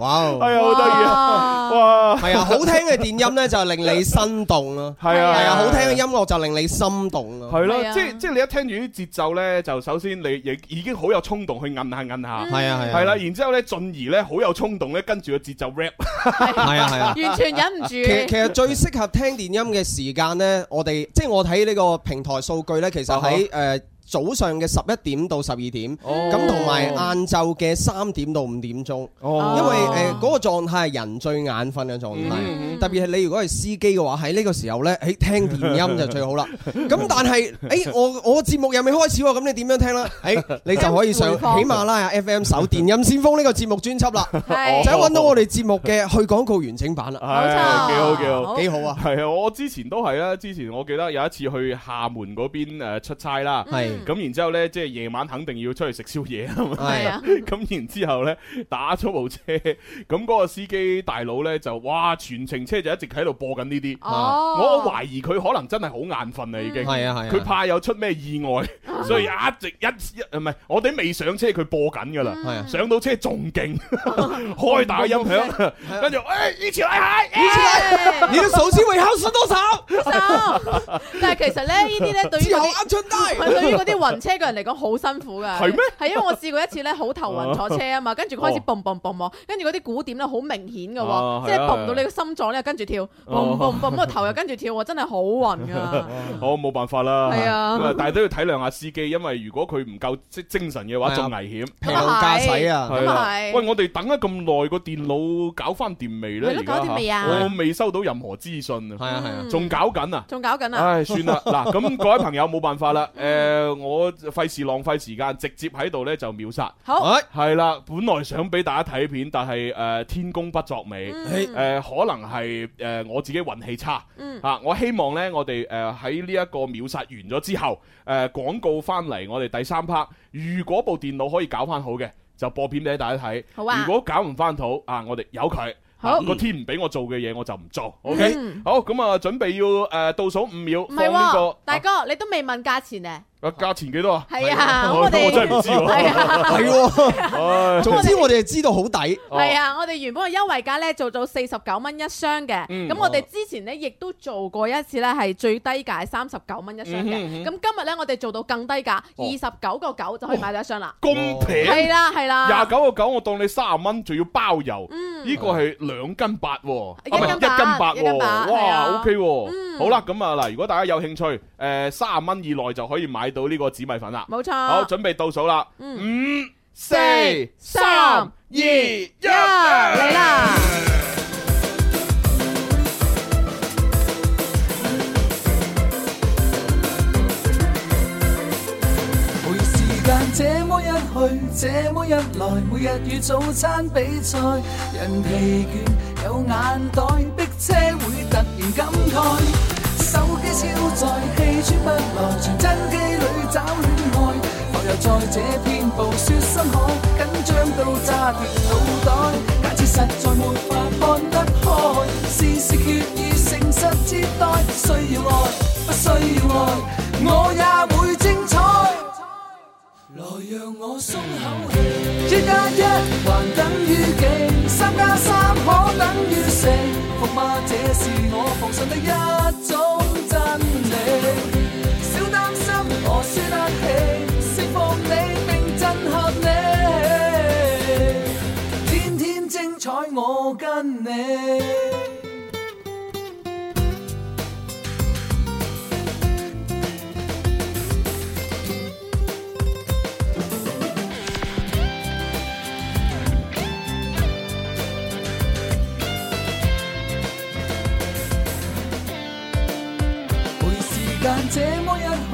哇！係啊，好得意啊！哇！係啊，好聽嘅電音咧，就令你心動咯。係啊，係啊，好聽嘅音樂就令你心動咯。係咯，即係即係你一聽住啲節奏咧，就首先你亦已經好有衝動去摁下摁下。係啊係啊。係啦，然之後咧，進而咧好有衝動咧跟住個節奏 rap。係啊係啊，完全忍唔住。其實其實最適合聽電音嘅時間咧，我哋即係我睇呢個平台數據咧，其實喺誒。早上嘅十一點到十二點，咁同埋晏晝嘅三點到五點鐘，因為誒嗰個狀態係人最眼瞓嘅狀態，特別係你如果係司機嘅話，喺呢個時候咧，誒聽電音就最好啦。咁但係誒我我節目又未開始，咁你點樣聽啦？誒你就可以上喜馬拉雅 FM 搜電音先鋒呢個節目專輯啦，就揾到我哋節目嘅去廣告完整版啦。幾好幾好幾好啊！係啊，我之前都係啦，之前我記得有一次去廈門嗰邊誒出差啦，係。咁然之後咧，即係夜晚肯定要出去食宵夜啊嘛。係啊。咁然之後咧，打咗部車，咁嗰個司機大佬咧就哇全程車就一直喺度播緊呢啲。哦。我懷疑佢可能真係好眼瞓啦已經。係啊係啊。佢怕有出咩意外，所以一直一一唔係我哋未上車佢播緊㗎啦。係啊。上到車仲勁，開大音響，跟住誒以前來嗨，以前來你的手機尾號是多少？多少？但係其實咧呢啲咧對於有安全帶係對於嗰啲。啲暈車嘅人嚟講好辛苦噶係咩？係因為我試過一次咧，好頭暈坐車啊嘛，跟住開始 boom boom boom，跟住嗰啲鼓點咧好明顯噶即係 boom 到你個心臟咧跟住跳，boom boom boom，咁個頭又跟住跳，真係好暈噶好冇辦法啦，係啊，但係都要體諒下司機，因為如果佢唔夠精神嘅話，仲危險。唔係駕駛啊，係喂，我哋等咗咁耐，個電腦搞翻掂未咧？你搞掂未啊？我未收到任何資訊啊。係啊係啊，仲搞緊啊？仲搞緊啊？唉，算啦，嗱，咁各位朋友冇辦法啦，誒。我費事浪費時間，直接喺度呢就秒殺。好係啦，本來想俾大家睇片，但係誒天公不作美，誒可能係誒我自己運氣差。嗯啊，我希望呢，我哋誒喺呢一個秒殺完咗之後，誒廣告翻嚟，我哋第三 part，如果部電腦可以搞翻好嘅，就播片俾大家睇。好啊。如果搞唔翻好啊，我哋由佢。好，個天唔俾我做嘅嘢，我就唔做。OK。好咁啊，準備要誒倒數五秒放呢個大哥，你都未問價錢呢。啊，價錢幾多啊？係啊，我哋真係唔知喎，係啊，係總之我哋係知道好抵。係啊，我哋原本嘅優惠價咧，做到四十九蚊一箱嘅。咁我哋之前咧，亦都做過一次咧，係最低價三十九蚊一箱嘅。咁今日咧，我哋做到更低價，二十九個九就可以買到一箱啦。咁平係啦係啦，廿九個九我當你三十蚊，仲要包郵。呢個係兩斤八，一斤八，一斤八，哇，OK 好啦，咁啊嗱，如果大家有興趣，誒，三十蚊以內就可以買到呢個紫米粉啦，冇錯。好，準備倒數啦，五、四、三、二、一，嚟啦！每時間這麼一去，這麼一來，每日與早餐比賽，人疲倦，有眼袋，逼車會突然感慨。悄悄在氣喘不來，從真機裏找戀愛。我又在這片暴雪深海，緊張到炸斷腦袋。假設實在沒法看得開，試試血意誠實接待。不需要愛，不需要愛，我也會精彩。來、哦、讓我鬆口氣，一加一還等於幾？三加三可等於四？服嗎？這是我奉信的一種真理。小擔心，我輸得起，釋放你並震撼你，天天精彩我跟你。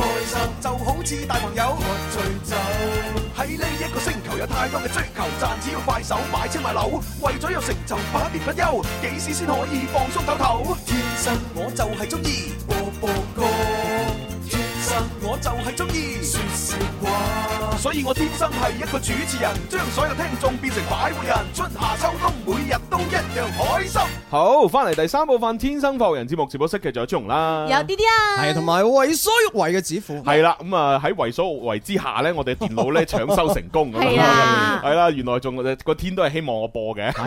開心就好似大朋友，喝醉酒喺呢一個星球有太多嘅追求，賺錢要快手買車買樓，為咗有成就百年不休，幾時先可以放鬆唞唞？天生我就係中意波波歌。我就係中意說說話，所以我天生係一個主持人，將所有聽眾變成擺活人。春夏秋冬，每日都一樣開心。好，翻嚟第三部分《天生擺活人節目》節目直播室嘅就係出紅啦，有啲啲啊，係同埋為所欲為嘅指父係啦。咁啊、嗯，喺、嗯、為所欲為之下呢，我哋電腦咧搶收成功咁樣係啦。原來仲個天都係希望我播嘅。咁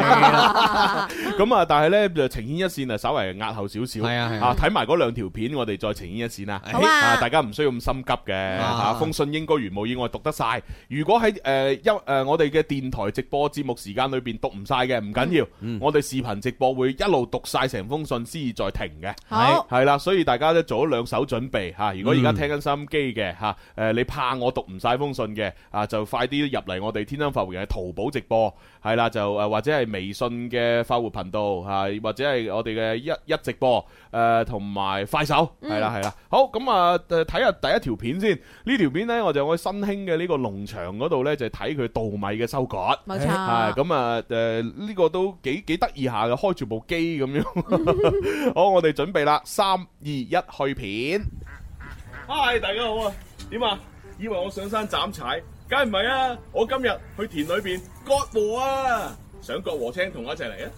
啊， 但係咧就情牽一線微一點點啊，稍為壓後少少係啊。啊，睇埋嗰兩條片，我哋再情牽一線啊。啊，hey，大家唔需。都要咁心急嘅。啊啊、封信應該如無意外讀得晒。如果喺誒、呃、一誒、呃、我哋嘅電台直播節目時間裏邊讀唔晒嘅，唔緊要，嗯嗯、我哋視頻直播會一路讀晒成封信先至再停嘅。係係啦，所以大家都做咗兩手準備吓、啊。如果而家聽緊收音機嘅吓，誒、啊、你怕我讀唔晒封信嘅啊，就快啲入嚟我哋天生快活嘅淘寶直播係啦，就誒或者係微信嘅快活頻道吓，或者係、啊、我哋嘅一一直播。誒同埋快手，係啦係啦。好，咁啊，睇下、呃、第一條片先。呢條片呢，我就去新興嘅呢個農場嗰度呢，就睇佢稻米嘅收割。冇錯。係咁、欸、啊，誒呢、呃呢個都幾幾得意下嘅，開住部機咁樣。嗯、 好，我哋準備啦，三二一，去片。嗨，大家好啊！點啊？以為我上山斬柴，梗係唔係啊！我今日去田裏邊割禾啊！想割禾青，同我一齊嚟啊！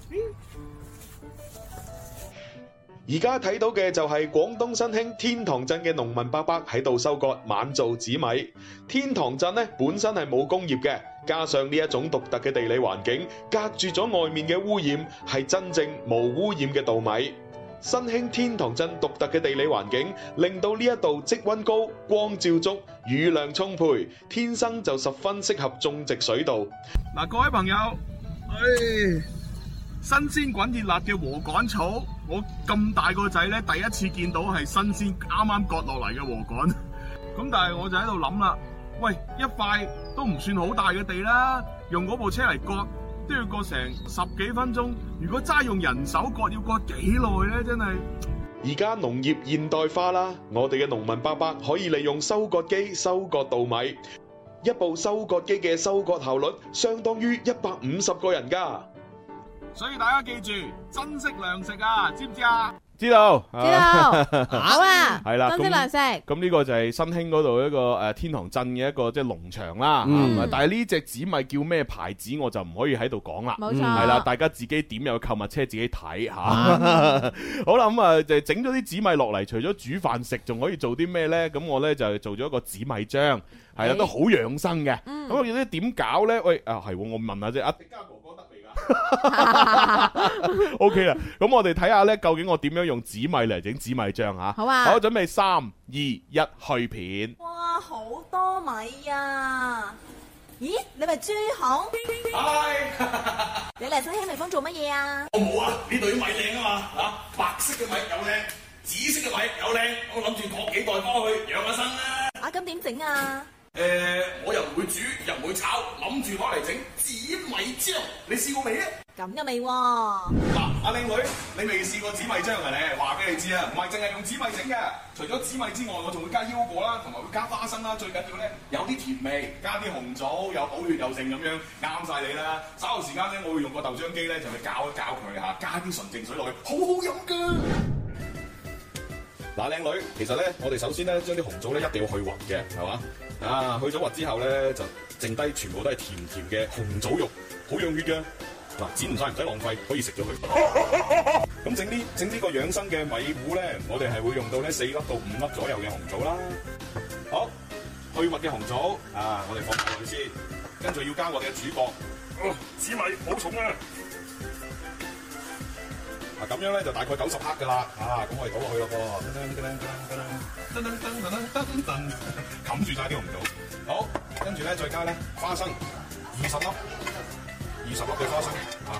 而家睇到嘅就係廣東新興天堂鎮嘅農民伯伯喺度收割晚造紫米。天堂鎮咧本身係冇工業嘅，加上呢一種獨特嘅地理環境，隔住咗外面嘅污染，係真正無污染嘅稻米。新興天堂鎮獨特嘅地理環境，令到呢一度積溫高、光照足、雨量充沛，天生就十分適合種植水稻。嗱，各位朋友，誒。新鮮滾熱辣嘅禾稈草，我咁大個仔咧，第一次見到係新鮮啱啱割落嚟嘅禾稈。咁 但係我就喺度諗啦，喂，一塊都唔算好大嘅地啦，用嗰部車嚟割都要割成十幾分鐘。如果齋用人手割，要割幾耐咧？真係。而家農業現代化啦，我哋嘅農民伯伯可以利用收割機收割稻米。一部收割機嘅收割效率相當於一百五十個人噶。所以大家記住珍惜糧食啊，知唔知啊？知道，知道，好啊，係啦，珍惜糧食。咁呢個就係新興嗰度一個誒天堂鎮嘅一個即係農場啦。但係呢隻紫米叫咩牌子，我就唔可以喺度講啦。冇錯，係啦，大家自己點有購物車自己睇吓。好啦，咁啊就整咗啲紫米落嚟，除咗煮飯食，仲可以做啲咩咧？咁我咧就做咗一個紫米漿，係啊，都好養生嘅。咁我嗰啲點搞咧？喂，啊係，我問下啫。O K 啦，咁、 okay、我哋睇下咧，究竟我點樣用紫米嚟整紫米醬吓、啊？好啊，我準備三二一去片。哇，好多米呀、啊！咦，你咪豬紅？Hi. 你嚟新興地方做乜嘢啊？我冇啊，呢度啲米靚啊嘛，吓、啊、白色嘅米有靚，紫色嘅米有靚，我諗住割幾袋翻去養下生啦。啊，咁點整啊？ 誒、呃，我又唔會煮，又唔會炒，諗住攞嚟整紫米漿，你試過未咧？咁又未喎。嗱、啊，阿靚女，你未試過紫米漿啊？你話俾你知啊，唔係淨係用紫米整嘅，除咗紫米之外，我仲會加腰果啦，同埋會加花生啦。最緊要咧，有啲甜味，加啲紅棗，有又補血又正咁樣，啱晒你啦。稍後時間咧，我會用個豆漿機咧，就去攪一攪佢吓，加啲純淨水落去，好好飲噶。嗱，靚女，其實咧，我哋首先咧，將啲紅棗咧一定要去核嘅，係嘛？啊，去咗核之後咧，就剩低全部都係甜甜嘅紅棗肉，好養血嘅。嗱、啊，剪唔晒唔使浪費，可以食咗佢。咁整呢整呢個養生嘅米糊咧，我哋係會用到咧四粒到五粒左右嘅紅棗啦。好，去核嘅紅棗啊，我哋放埋落去先，跟住要加我哋嘅主角哦、啊，紫米，好重啊！嗱咁樣咧就大概九十克噶啦，啊咁我哋倒落去咯噃，冚 住曬啲我唔做，好跟住咧再加咧花生二十粒，二十粒嘅花生，啊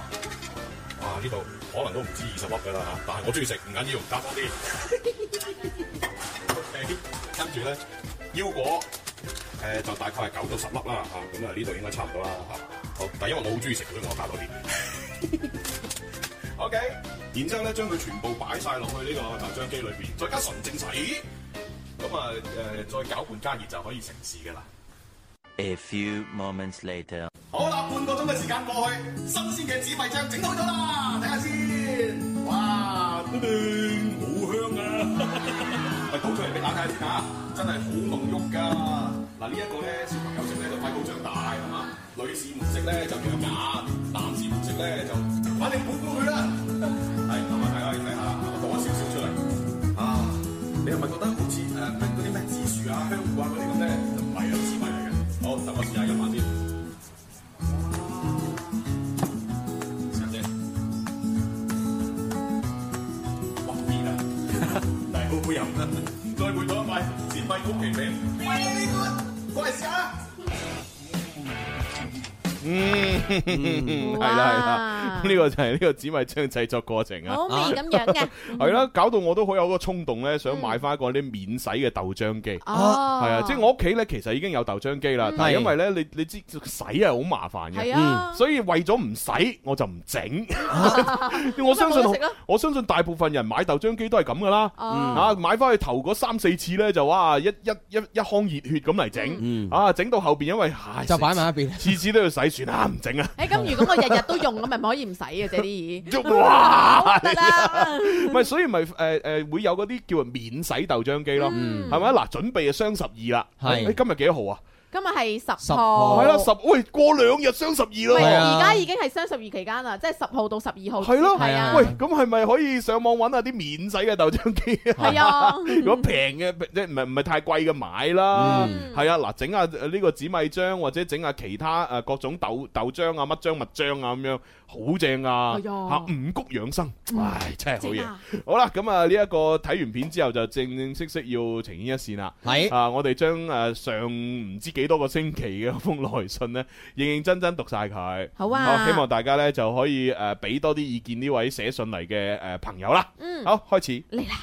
哇，呢度可能都唔止二十粒噶啦嚇，但係我中意食唔緊要，加多啲。好， 跟住咧腰果誒、呃、就大概係九到十粒啦嚇，咁啊呢度應該差唔多啦嚇，好、啊啊、但係因為我好中意食所以我加多啲。 OK，然之後咧將佢全部擺晒落去呢個豆漿機裏邊，再加純淨洗，咁啊誒再攪拌加熱就可以成事嘅啦。A few moments later，好啦，半個鐘嘅時間過去，新鮮嘅紫米醬整好咗啦，睇下先，哇，好香啊，咪 倒出嚟俾大家睇下先嚇，真係好濃郁噶，嗱、啊這個、呢一個咧小朋友食咧就快高長大嚇。在 ção 女士唔食咧就養眼，男士唔食咧就，反正補補佢啦。係，問下大家要睇下，我倒咗少少出嚟。啊，你係咪覺得好似誒嗰啲咩紫薯啊、香芋啊嗰啲咁咧，就唔係啊？紫米嚟嘅。好，等我試下飲下先。哇！小姐，哇！甜啊！大波不飲啦。再換多一塊紫米曲奇餅。喂，過嚟試下啊！嗯，係啦係啦，呢個就係呢個紫米漿製作過程啊，好係咁樣嘅，係啦，搞到我都好有嗰個衝動咧，想買翻一個啲免洗嘅豆漿機哦，係啊，即係我屋企咧其實已經有豆漿機啦，但係因為咧你你知洗係好麻煩嘅，所以為咗唔洗我就唔整，我相信我相信大部分人買豆漿機都係咁噶啦，啊買翻去頭嗰三四次咧就哇一一一一腔熱血咁嚟整，啊整到後邊因為唉就擺埋一邊，次次都要洗。算啦，唔整啊！誒、欸，咁如果我日日都用咁，咪 可以唔使嘅啫啲嘢。哇，得啦、 啊，唔係， 所以咪誒誒會有嗰啲叫做免洗豆漿機咯，係咪？嗱，準備啊雙十二啦，係是，誒、欸、今日幾多號啊？今日係十號日，係啦十，喂，過兩日雙十二咯。而家、啊、已經係雙十二期間啦，即係十號到十二號。係咯，係啊。啊啊喂，咁係咪可以上網揾下啲免洗嘅豆漿機？係啊， 如果平嘅即係唔係唔係太貴嘅買啦。係、嗯、啊，嗱，整下呢個紫米漿，或者整下其他誒各種豆豆漿啊，乜漿物漿啊咁樣。好正啊！吓，五穀養生，唉，真係好嘢。好啦，咁啊，呢一個睇完片之後，就正正式式要情牽一線啦。係啊，我哋將誒，上唔知幾多個星期嘅一封來信咧，認認真真讀晒佢。好啊，希望大家咧就可以誒俾多啲意見呢位寫信嚟嘅誒朋友啦。嗯，好，開始嚟啦！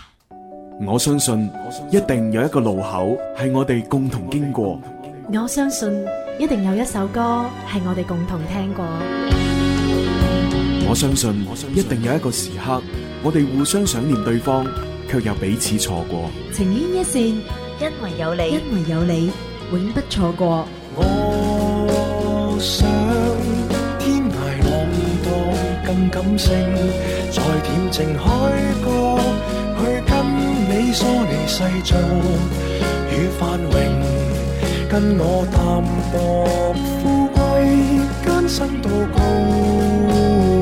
我相信一定有一個路口係我哋共同經過。我相信一定有一首歌係我哋共同聽過。我相信一定有一個時刻，我哋互相想念對方，卻又彼此錯過。情牽一線，因為有你，因為有你，永不錯過。我想天涯浪蕩更感性，在恬靜海角去跟你梳理世俗與繁榮，跟我淡薄富貴，艱辛度過。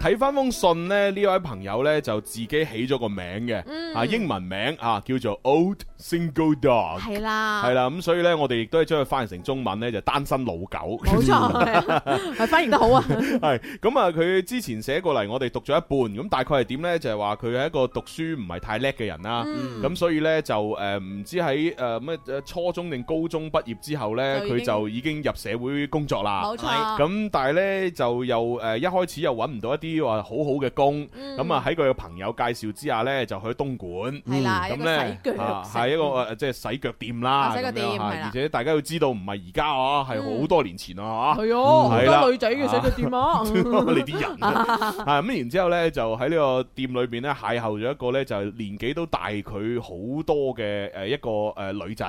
睇翻封信呢，呢位朋友呢就自己起咗個名嘅，啊、嗯、英文名啊叫做 Old Single Dog，係啦，係啦，咁、嗯、所以呢我哋亦都係將佢翻譯成中文呢就是、單身老狗，冇錯錯、 啊，翻譯得好啊 ，係，咁啊佢之前寫過嚟，我哋讀咗一半，咁大概係點呢就係話佢係一個讀書唔係太叻嘅人啦，咁、嗯、所以呢就誒唔、呃、知喺誒咩初中定高中畢業之後呢佢就，已就已經入社會工作啦，冇錯，咁但係呢就又誒一開始又揾唔到一啲。啲話好好嘅工，咁啊喺佢嘅朋友介紹之下咧，就去東莞，咁咧啊，係一個即係洗腳店啦，洗腳店，而且大家要知道唔係而家啊，係好多年前啊，係啊好多女仔嘅洗腳店啊，你啲人啊，咁然之後咧就喺呢個店裏邊咧邂逅咗一個咧就係年紀都大佢好多嘅誒一個誒女仔，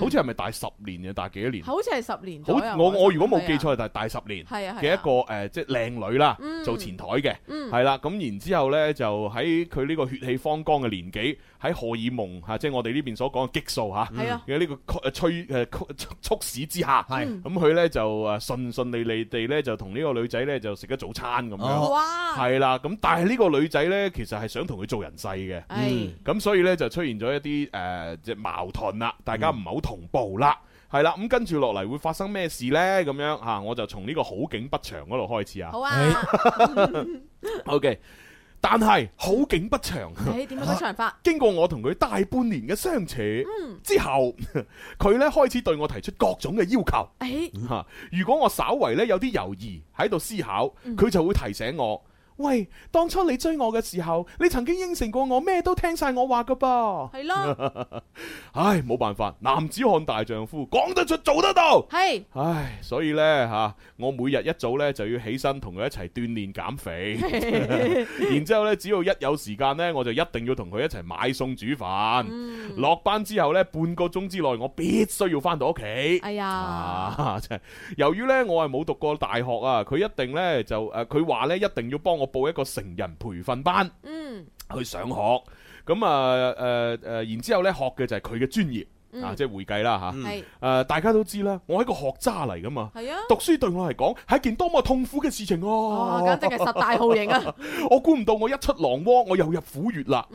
好似係咪大十年啊？大幾多年？好似係十年，好我我如果冇記錯係大大十年嘅一個誒即係靚女啦，做前台。佢嘅係啦，咁、嗯、然之後咧就喺佢呢個血氣方剛嘅年紀，喺荷爾蒙吓，即係我哋呢邊所講嘅激素吓，喺呢個催誒促使之下，咁佢咧就順順利利地咧就同呢個女仔咧就食咗早餐咁樣，係啦、哦，咁但係呢個女仔咧其實係想同佢做人世嘅，咁、嗯嗯、所以咧就出現咗一啲誒只矛盾啦，大家唔係好同步啦。嗯係啦，咁跟住落嚟會發生咩事呢？咁樣吓、啊，我就從呢個好景不長嗰度開始啊。好啊。OK，但係好景不長。誒，點經過我同佢大半年嘅相處，之後佢 呢開始對我提出各種嘅要求。誒，吓、 啊，如果我稍為呢有啲猶豫，喺度思考，佢 就會提醒我。喂，當初你追我嘅時候，你曾經應承過我咩都聽晒我話噶噃？係咯的， 唉，冇辦法，男子漢大丈夫，講得出做得到。係是。唉，所以咧吓、啊，我每日一早咧就要起身同佢一齊鍛煉減肥。 然之後咧，只要一有時間咧，我就一定要同佢一齊買餸煮飯。落、嗯、班之後咧，半個鐘之內我必須要翻到屋企。係、哎、呀啊。啊，真係。由於咧我係冇讀過大學啊，佢一定咧就誒，佢話咧一定要幫我。我報一個成人培訓班，嗯，去上學，咁、嗯、啊，誒、嗯、誒、嗯，然之後咧學嘅就係佢嘅專業啊，即係會計啦，吓、啊，係誒是、啊，大家都知啦，我係個學渣嚟噶嘛，係啊，讀書對我嚟講係一件多麼痛苦嘅事情啊，哦、簡直係十大酷刑啊！ 我估唔到我一出狼窩，我又入虎穴啦，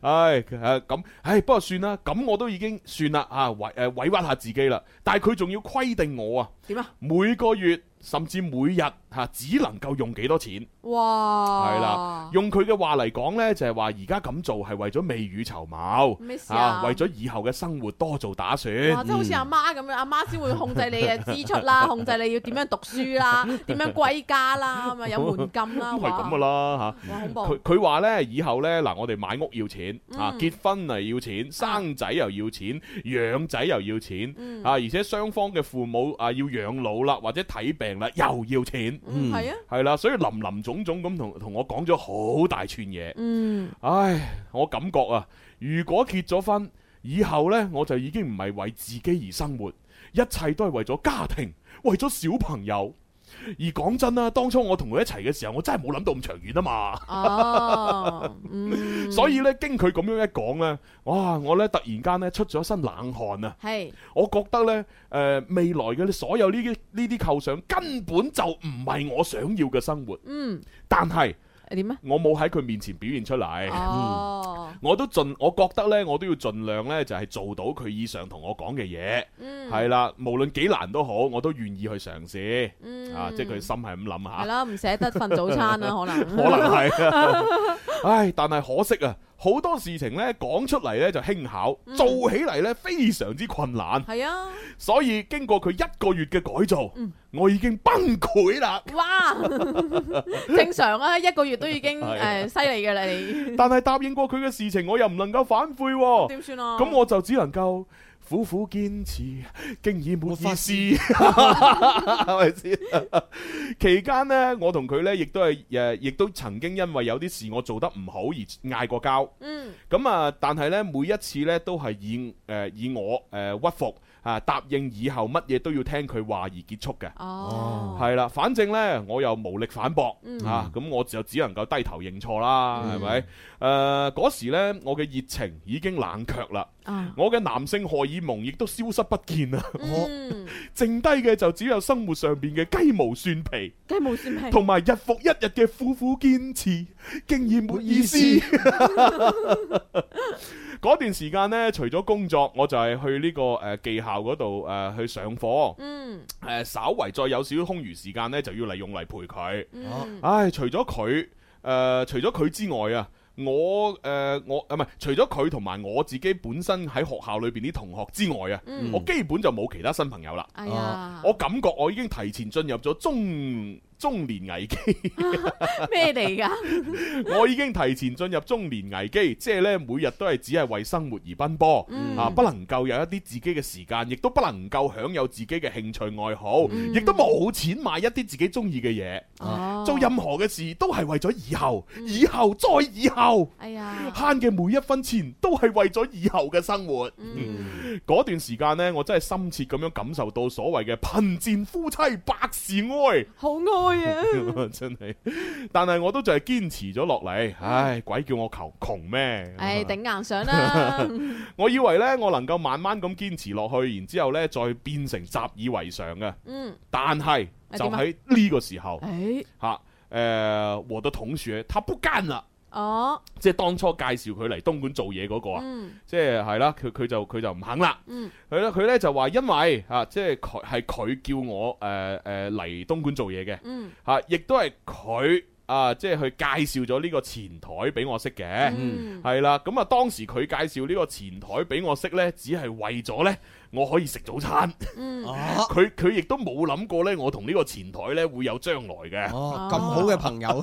唉、 哎，咁、啊、唉、哎，不過算啦，咁我都已經算啦，吓、啊，委誒委屈下自己啦，但係佢仲要規定我啊，點啊？每個月甚至每日吓、啊、只能夠用幾多錢？哇，係啦，用佢嘅話嚟講呢就係話而家咁做係為咗未雨綢繆，啊，為咗以後嘅生活多做打算。即係好似阿媽咁樣，阿媽先會控制你嘅支出啦，控制你要點樣讀書啦，點樣歸家啦，咁啊有門禁啦，係咁噶啦吓。恐怖。佢佢話咧，以後呢，嗱，我哋買屋要錢啊，結婚啊要錢，生仔又要錢，養仔又要錢啊，而且雙方嘅父母啊要養老啦，或者睇病啦，又要錢。係啊，係啦，所以林林總。種種咁同同我講咗好大串嘢，嗯，唉，我感覺啊，如果結咗婚以後呢，我就已經唔係為自己而生活，一切都係為咗家庭，為咗小朋友。而講真啦，當初我同佢一齊嘅時候，我真係冇諗到咁長遠啊嘛。哦嗯、 所以咧，經佢咁樣一講咧，哇，我咧突然間咧出咗一身冷汗啊。係是，我覺得咧，誒、呃，未來嘅所有呢啲呢啲構想根本就唔係我想要嘅生活。嗯，但係。我冇喺佢面前表現出嚟、哦嗯。我都盡，我覺得呢，我都要盡量呢，就係、是、做到佢以上同我講嘅嘢。嗯，係啦，無論幾難都好，我都願意去嘗試。嗯、啊，即係佢心係咁諗下，係啦，唔捨得份早餐啦， 可能。 可能係、啊、唉，但係可惜啊，好多事情呢，講出嚟呢就輕巧，嗯、做起嚟呢非常之困難。係啊的，所以經過佢一個月嘅改造。嗯我已經崩潰啦！哇，正常啊，一個月都已經誒犀利嘅你。 但係答應過佢嘅事情，我又唔能夠反悔，點算啊？咁我就只能夠苦苦堅持，竟然冇意思，係咪先？嗯、期間呢，我同佢呢亦都係誒、啊，亦都曾經因為有啲事我做得唔好而嗌過交。嗯。咁啊、嗯，但係呢，每一次呢都係以誒、呃、以我誒、呃、屈服。啊！答應以後乜嘢都要聽佢話而結束嘅，係啦、哦。反正呢，我又無力反駁，嗯、啊咁我就只能夠低頭認錯啦，係咪、嗯？誒嗰、呃、時呢，我嘅熱情已經冷卻啦，啊、我嘅男性荷爾蒙亦都消失不見啦，嗯、 剩低嘅就只有生活上邊嘅雞毛蒜皮，雞毛蒜皮，同埋日復一日嘅苦苦堅持，竟然沒意思。 嗰段時間呢，除咗工作，我就係去呢、這個誒、呃、技校嗰度誒去上課。嗯。呃、稍為再有少少空餘時間呢，就要嚟用嚟陪佢。啊、唉，除咗佢誒，除咗佢之外啊，我誒、呃、我啊，唔係除咗佢同埋我自己本身喺學校裏邊啲同學之外啊，嗯、我基本就冇其他新朋友啦、哎呀啊。我感覺我已經提前進入咗中中年危機咩嚟噶？我已經提前進入中年危機，即係咧，每日都係只係為生活而奔波，嗯、啊，不能夠有一啲自己嘅時間，亦都不能夠享有自己嘅興趣愛好，嗯、亦都冇錢買一啲自己中意嘅嘢。哦、做任何嘅事都係為咗以後，嗯、以後再以後，哎呀、慳嘅每一分錢都係為咗以後嘅生活。嗰、嗯嗯、段時間呢，我真係深切咁樣感受到所謂嘅貧賤夫妻百事哀，好哀。 真係，但係我都就係堅持咗落嚟。唉，鬼叫我求窮咩？唉，頂、哎、硬上啦！ 我以為呢，我能夠慢慢咁堅持落去，然之後呢再變成習以為常嘅。嗯，但係是、啊、就喺呢個時候，吓、哎、誒、啊呃，我的同學他不幹了。哦，即係當初介紹佢嚟東莞做嘢嗰個啊，即係係啦，佢佢就佢就唔肯啦，係啦，佢呢就話因為吓，即係佢係佢叫我誒誒嚟東莞做嘢嘅，吓、嗯啊、亦都係佢啊，即係去介紹咗呢個前台俾我識嘅，係啦、嗯，咁啊當時佢介紹呢個前台俾我識呢，只係為咗呢。我可以食早餐 佢佢亦都冇諗過咧，我同呢個前台咧會有將來嘅、哦。咁好嘅朋友，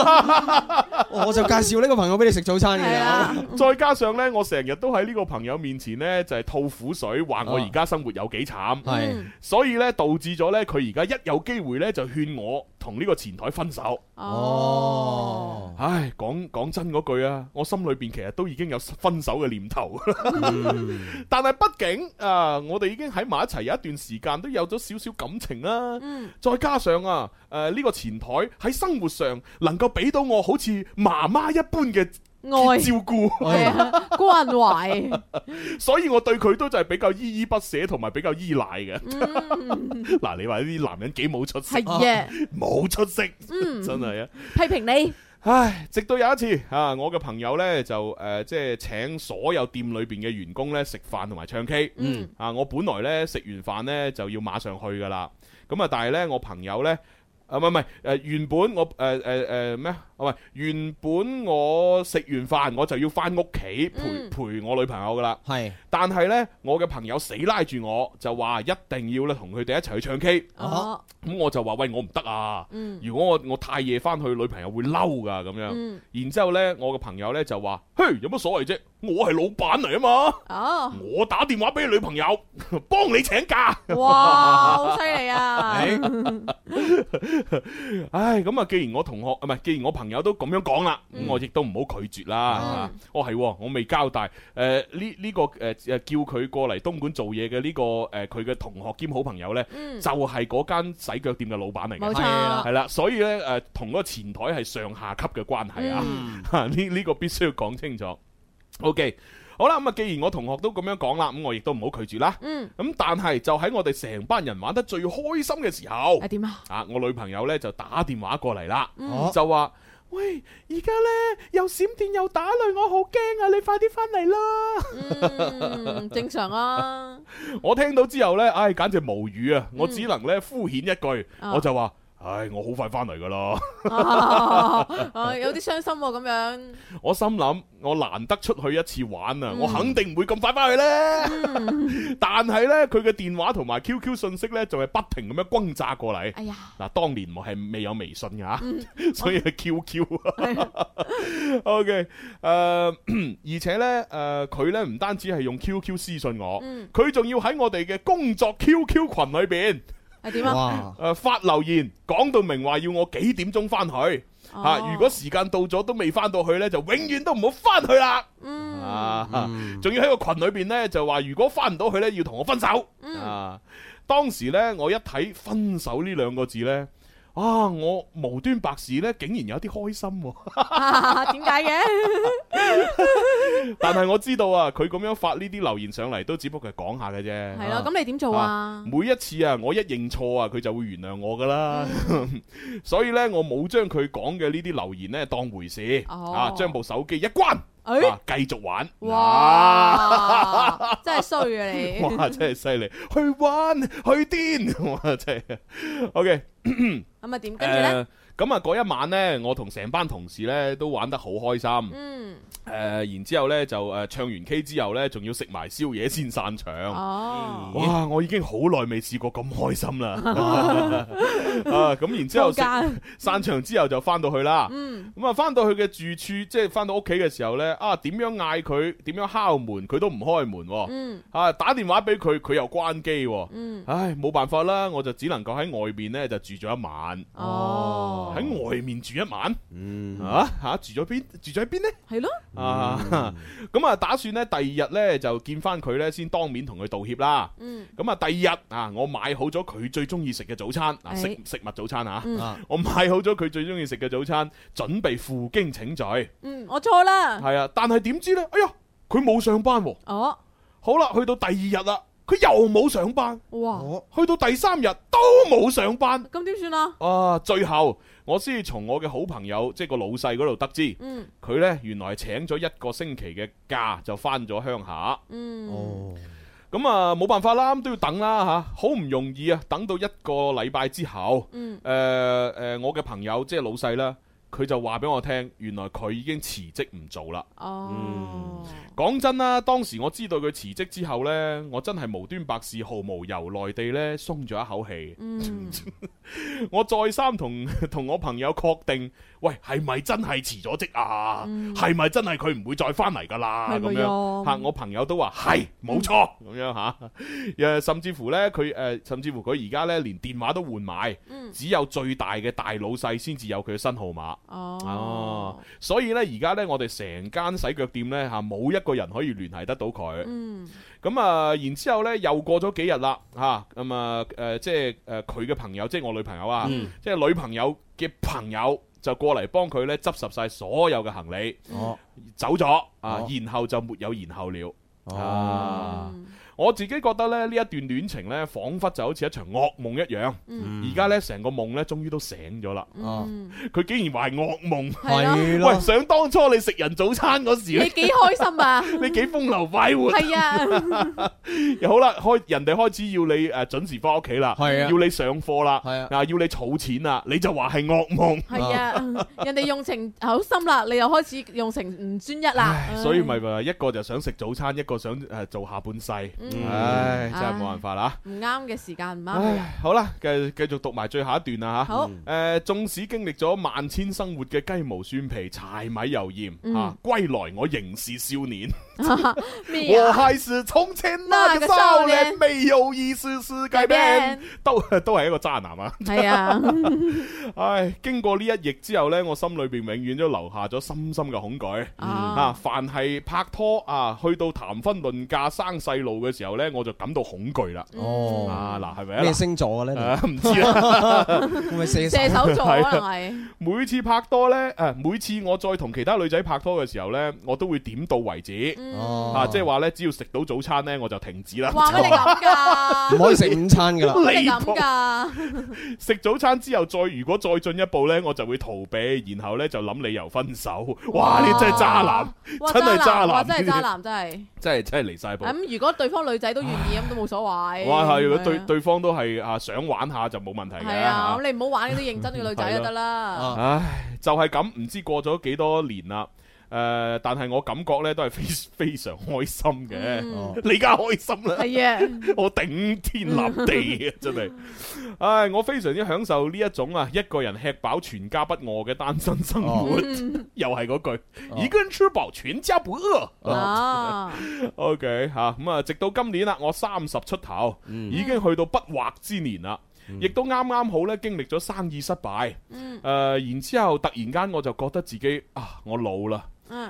我就介紹呢個朋友俾你食早餐是、啊、再加上咧，我成日都喺呢個朋友面前咧，就係吐苦水，話我而家生活有幾慘。係、哦，所以咧導致咗咧，佢而家一有機會咧就勸我。同呢個前台分手哦，唉，講講真嗰句啊，我心裏邊其實都已經有分手嘅念頭，嗯、 但係畢竟啊，我哋已經喺埋一齊有一段時間，都有咗少少感情啦、啊，嗯、再加上啊，誒、啊、呢、呢個前台喺生活上能夠俾到我好似媽媽一般嘅。愛照顧顧 的，係啊，關懷 懷， 所以我對佢都就係比較依依不捨，同埋比較依賴嘅、嗯。嗱、嗯， 你話呢啲男人幾冇出息，係嘅的，冇出息，真係啊，批評你。唉，直到有一次啊，我嘅朋友呢，就誒，即係請所有店裏邊嘅員工呢食飯同埋唱 K。嗯，啊，我本來呢，食完飯呢就要馬上去噶啦。咁啊，但係呢，我朋友呢。啊唔係唔係，誒、呃、原本我誒誒誒咩啊？唔係原本我食完飯我就要翻屋企陪、嗯、陪,陪我女朋友噶啦，係是。但係咧我嘅朋友死拉住我，就話一定要咧同佢哋一齊去唱 K、哦。咁我就話喂我唔得啊！嗯、如果我我太夜翻去，女朋友會嬲噶咁樣。嗯、然之後咧我嘅朋友咧就話：，嘿，有乜所謂啫？我係老闆嚟啊嘛，oh. 我打電話俾你女朋友，幫 你請假。哇， 好犀利啊！ 唉，咁啊，既然我同學啊，唔係，既然我朋友都咁樣講啦，咁、嗯、我亦都唔好拒絕啦。嗯、哦，係、哦，我未交代誒，呢、呃、呢、這個誒誒、呃，叫佢過嚟東莞做嘢嘅呢個誒，佢、呃、嘅同學兼好朋友呢，嗯、就係嗰間洗腳店嘅老闆嚟嘅，係啦，冇錯，所以呢，誒、呃，同嗰個前台係上下級嘅關係啊，呢呢、嗯、 個必須要講清楚。O、okay, K，好啦，咁啊，既然我同學都咁樣講啦，咁我亦都唔好拒絕啦。嗯，咁但係就喺我哋成班人玩得最開心嘅時候，啊，係點啊？我女朋友呢就打電話過嚟啦，嗯、就話說：喂，而家呢又閃電又打雷，我好驚啊！你快啲翻嚟啦。 嗯，正常啊。 我聽到之後呢，唉、哎，簡直無語啊！我只能咧敷衍一句，我就話。啊唉，我好快翻嚟噶啦，有啲傷心咁、啊、樣。我心諗，我難得出去一次玩啊，嗯、我肯定唔會咁快翻去咧。但係呢，佢嘅、嗯、 電話同埋 QQ 信息呢，就係不停咁樣轟炸過嚟。哎呀，嗱，當年我係未有微信嘅、嗯、 所以係 QQ。OK，誒，而且呢，誒、呃，佢呢唔單止係用 QQ 私信我，佢仲、嗯、要喺我哋嘅工作 QQ 群裏裡邊。係點、啊哇呃、發留言講到明話要我幾點鐘翻去？吓、啊，啊、如果時間到咗都未翻到去，去呢，就永遠都唔好翻去啦。啊，仲要喺個群裏邊呢，就話如果翻唔到去呢，要同我分手。嗯，啊、當時咧，我一睇分手呢兩個字呢。啊！我無端白事咧，竟然有啲開心，啊，點解嘅？ 但係我知道啊，佢咁樣發呢啲留言上嚟，都只不過係講下嘅啫。係咯，啊，咁，啊、你點做啊，啊？每一次啊，我一認錯啊，佢就會原諒我噶啦。嗯， 所以呢，我冇將佢講嘅呢啲留言呢當回事，哦，啊，將部手機一關。誒，繼、哎啊、續玩，哇，真係衰啊你，哇，okay，真係犀利，去玩去癲，哇真係，OK，咁啊點跟住咧？呃咁啊，嗰一晚呢，我同成班同事呢都玩得好開心。嗯。誒、呃，然之後呢，就誒唱完 K 之後呢，仲要食埋宵夜先散場。哦、哇！我已經好耐未試過咁開心啦。哇 啊，咁然之後，然後間 散場之後就翻到去啦。嗯。咁啊，翻到佢嘅住處，即係翻到屋企嘅時候呢，啊點樣嗌佢，點樣敲門，佢都唔開門。嗯。啊，打電話俾佢，佢又關機。嗯。唉，冇辦法啦，我就只能夠喺外邊呢就住咗一晚。哦。哦哦喺外面住一晚，吓吓住咗邊住咗喺邊呢？係咯，咁啊，打算呢第二日呢，就見翻佢呢，先當面同佢道歉啦。咁啊，第二日啊，我買好咗佢最中意食嘅早餐，食食物早餐啊，我買好咗佢最中意食嘅早餐，準備赴京請罪。嗯，我錯啦。係啊，但係點知呢？哎呀，佢冇上班。哦，好啦，去到第二日啦，佢又冇上班。哇，去到第三日都冇上班。咁點算啊？啊，最後。我先從我嘅好朋友，即係個老細嗰度得知，佢、嗯、呢原來係請咗一個星期嘅假，就翻咗鄉下。哦、嗯，咁啊冇辦法啦，都要等啦吓。好唔容易啊，等到一個禮拜之後，誒誒、嗯呃呃，我嘅朋友即係老細啦，佢就話俾我聽，原來佢已經辭職唔做啦。哦。嗯。講真啦，當時我知道佢辭職之後呢，我真係無端白事，毫無由內地咧鬆咗一口氣。嗯、 我再三同同我朋友確定，喂，係咪真係辭咗職啊？係咪、嗯、真係佢唔會再翻嚟噶啦？咁樣吓，我朋友都話係冇錯咁樣吓。甚至乎咧，佢、呃、誒，甚至乎佢而家咧連電話都換埋，嗯、只有最大嘅大老細先至有佢嘅新號碼。哦、啊，所以呢，而家呢，我哋成間洗腳店呢，吓，冇一。一個人可以聯繫得到佢，咁、嗯嗯、啊，然之後咧又過咗幾日啦，吓咁啊，誒，即係佢嘅朋友，即係我女朋友啊，嗯、即係女朋友嘅朋友就過嚟幫佢呢，執拾晒所有嘅行李，哦、走咗啊，哦、然後就沒有然後了、哦、啊。嗯我自己覺得咧呢一段戀情呢，仿佛就好似一場噩夢一樣。而家、嗯、呢，成個夢呢，終於都醒咗啦。佢、嗯、竟然話係噩夢。係的喂，想當初你食人早餐嗰時，你幾開心啊？ 你幾風流快活、啊？係呀的！ 好啦，開人哋開始要你誒準時翻屋企啦。的要你上課啦。的要你儲錢啦，你就話係噩夢。係呀的！ 人哋用情好深啦，你又開始用情唔專一啦。所以咪話一個就想食早餐，一個想做下半世。嗯、唉，真係冇辦法啦，唔啱嘅時間唔啱。好啦，繼繼續讀埋最後一段啦，吓好。誒、呃，縱使經歷咗萬千生活嘅雞毛蒜皮柴米油鹽，嗯、啊，歸來我仍是少年， 啊、我還是從前那，那個少年，沒有一絲絲改變。都都係一個渣男啊！係啊，唉，經過呢一役之後呢，我心裏邊永遠都留下咗深深嘅恐懼、嗯、啊。凡係拍拖啊，去到談婚論嫁、生細路嘅。時候咧，我就感到恐懼啦。哦啊，嗱，係咪啊？咩星座嘅咧？唔知啊，咪射手座可能係。每次拍拖咧，誒，每次我再同其他女仔拍拖嘅時候咧，我都會點到為止。哦，即係話咧，只要食到早餐咧，我就停止啦。哇，你諗噶？唔可以食午餐噶啦。你諗噶？食早餐之後再如果再進一步咧，我就會逃避，然後咧就諗理由分手。哇，你真係渣男，真係渣男，真係渣男，真係真係真係離晒譜。咁如果對方，女仔都願意咁都冇所謂，哇係，如果對、啊、對方都係啊想玩下就冇問題嘅，係啊，咁、啊、你唔好玩啲 認真嘅女仔就得啦了。啊、唉，就係、是、咁，唔知過咗幾多年啦。誒，但係我感覺咧都係非非常開心嘅，你而家開心啦，係啊，我頂天立地啊，真係，唉，我非常之享受呢一種啊，一個人吃飽全家不餓嘅單身生活，又係嗰句，一個人吃飽全家不餓。啊，OK 吓，咁啊，直到今年啦，我三十出頭，已經去到不惑之年啦，亦都啱啱好咧經歷咗生意失敗，誒，然之後突然間我就覺得自己啊，我老啦。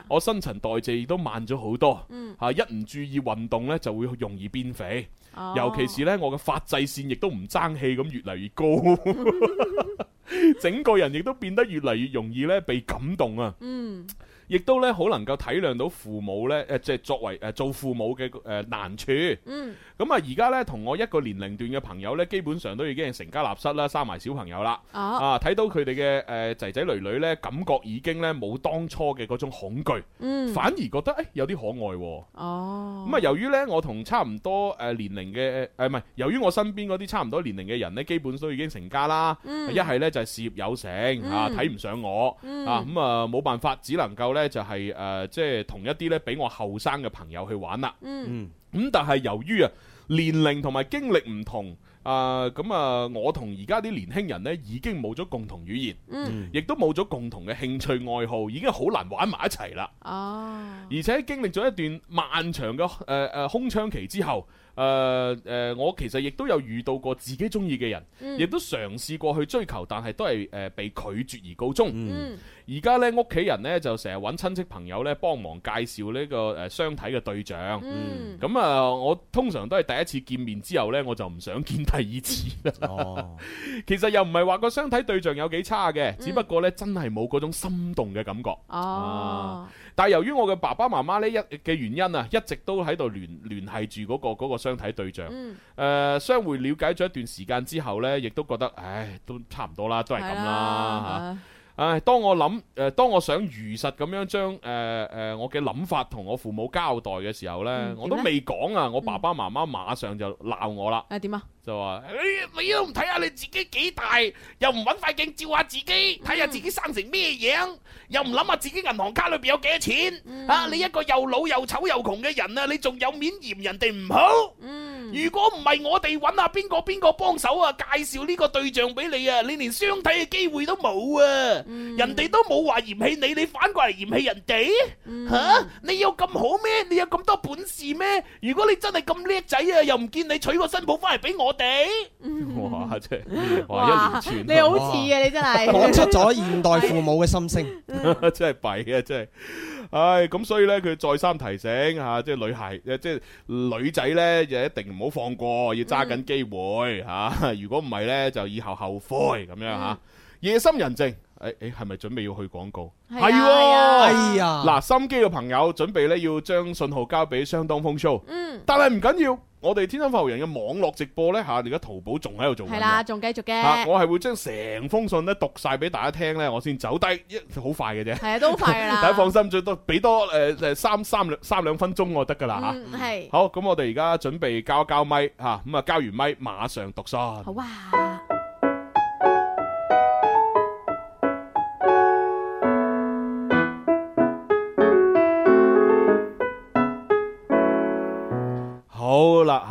我新陳代謝亦都慢咗好多，吓、嗯啊、一唔注意運動咧就會容易變肥，哦、尤其是咧我嘅髮際線亦都唔爭氣咁越嚟越高， 整個人亦都變得越嚟越容易咧被感動啊！嗯亦都咧好能夠體諒到父母咧，誒即係作為誒、呃、做父母嘅誒、呃、難處。嗯。咁啊，而家咧同我一個年齡段嘅朋友咧，基本上都已經係成家立室啦，生埋小朋友啦。啊。睇、啊、到佢哋嘅誒仔仔女女咧，感覺已經咧冇當初嘅嗰種恐懼，嗯、反而覺得誒、欸、有啲可愛喎。哦。咁啊，由於咧我同差唔多誒年齡嘅誒唔係，由於我身邊嗰啲差唔多年齡嘅人咧，基本都已經成家啦。啊、一係咧就係事業有成嚇，睇唔上我。嗯。t 啊，咁啊冇辦法，只能夠，咧就係、是、誒，即、呃、係、就是、同一啲咧，俾我後生嘅朋友去玩啦。嗯，咁但係由於啊年齡同埋經歷唔同，呃、啊咁啊我同而家啲年輕人咧已經冇咗共同語言，嗯，亦都冇咗共同嘅興趣愛好，已經好難玩埋一齊啦。哦，而且經歷咗一段漫長嘅誒誒空窗期之後，誒、呃、誒、呃呃，我其實亦都有遇到過自己中意嘅人，亦、嗯、都嘗試過去追求，但係都係誒、呃、被拒絕而告終。嗯。嗯而家咧，屋企人咧就成日揾親戚朋友咧幫忙介紹呢、這個誒相、呃、體嘅對象。咁啊、嗯嗯，我通常都係第一次見面之後咧，我就唔想見第二次。 其實又唔係話個相體對象有幾差嘅，只不過咧真係冇嗰種心動嘅感覺。嗯哦啊、但係由於我嘅爸爸媽媽呢，一嘅原因啊，一直都喺度聯聯繫住嗰個、那個相體對象。誒、嗯呃，相會了解咗一段時間之後咧，亦都覺得唉，都差唔多啦，都係咁啦吓。唉，當我諗，誒、呃，當我想如實咁樣將，誒、呃，誒、呃，我嘅諗法同我父母交代嘅時候呢，嗯啊、我都未講啊，我爸爸媽媽馬上就鬧我啦。點、嗯、啊？啊就話你，你都唔睇下你自己幾大，又唔揾塊鏡照下自己，睇下自己生成咩樣，嗯、又唔諗下自己銀行卡裏邊有幾多錢，嗯、啊，你一個又老又醜又窮嘅人啊，你仲有面嫌人哋唔好？嗯如果唔係我哋揾下邊個邊個幫手啊，介紹呢個對象俾你啊，你連相睇嘅機會都冇啊！人哋都冇話嫌棄你，你反過嚟嫌棄人哋嚇？你有咁好咩？你有咁多本事咩？如果你真係咁叻仔啊，又唔見你娶個新抱翻嚟俾我哋！哇！真係哇，一言傳，你好似啊，你真係講出咗現代父母嘅心聲，真係弊啊！真係。唉，咁所以呢，佢再三提醒嚇、啊，即係女孩，啊、即係女仔呢就一定唔好放過，要揸緊機會嚇、嗯啊。如果唔係呢，就以後後悔咁樣嚇。啊嗯、夜深人靜，誒、哎、誒，係、哎、咪準備要去廣告？係喎，係啊。嗱、啊啊啊，心機嘅朋友準備呢，要將信號交俾相當風騷。嗯，但係唔緊要。我哋天生服務人嘅網絡直播呢，吓而家淘寶仲喺度做緊。係啦，仲繼續嘅、啊。我係會將成封信咧讀晒俾大家聽呢。我先走低，一好快嘅啫。係啊，都快噶啦。大家放心，最多俾多誒誒三三兩三兩分鐘我得噶啦吓。係、啊。嗯、好，咁我哋而家準備交交咪。吓、啊，咁啊交完咪，馬上讀信。好啊。好啦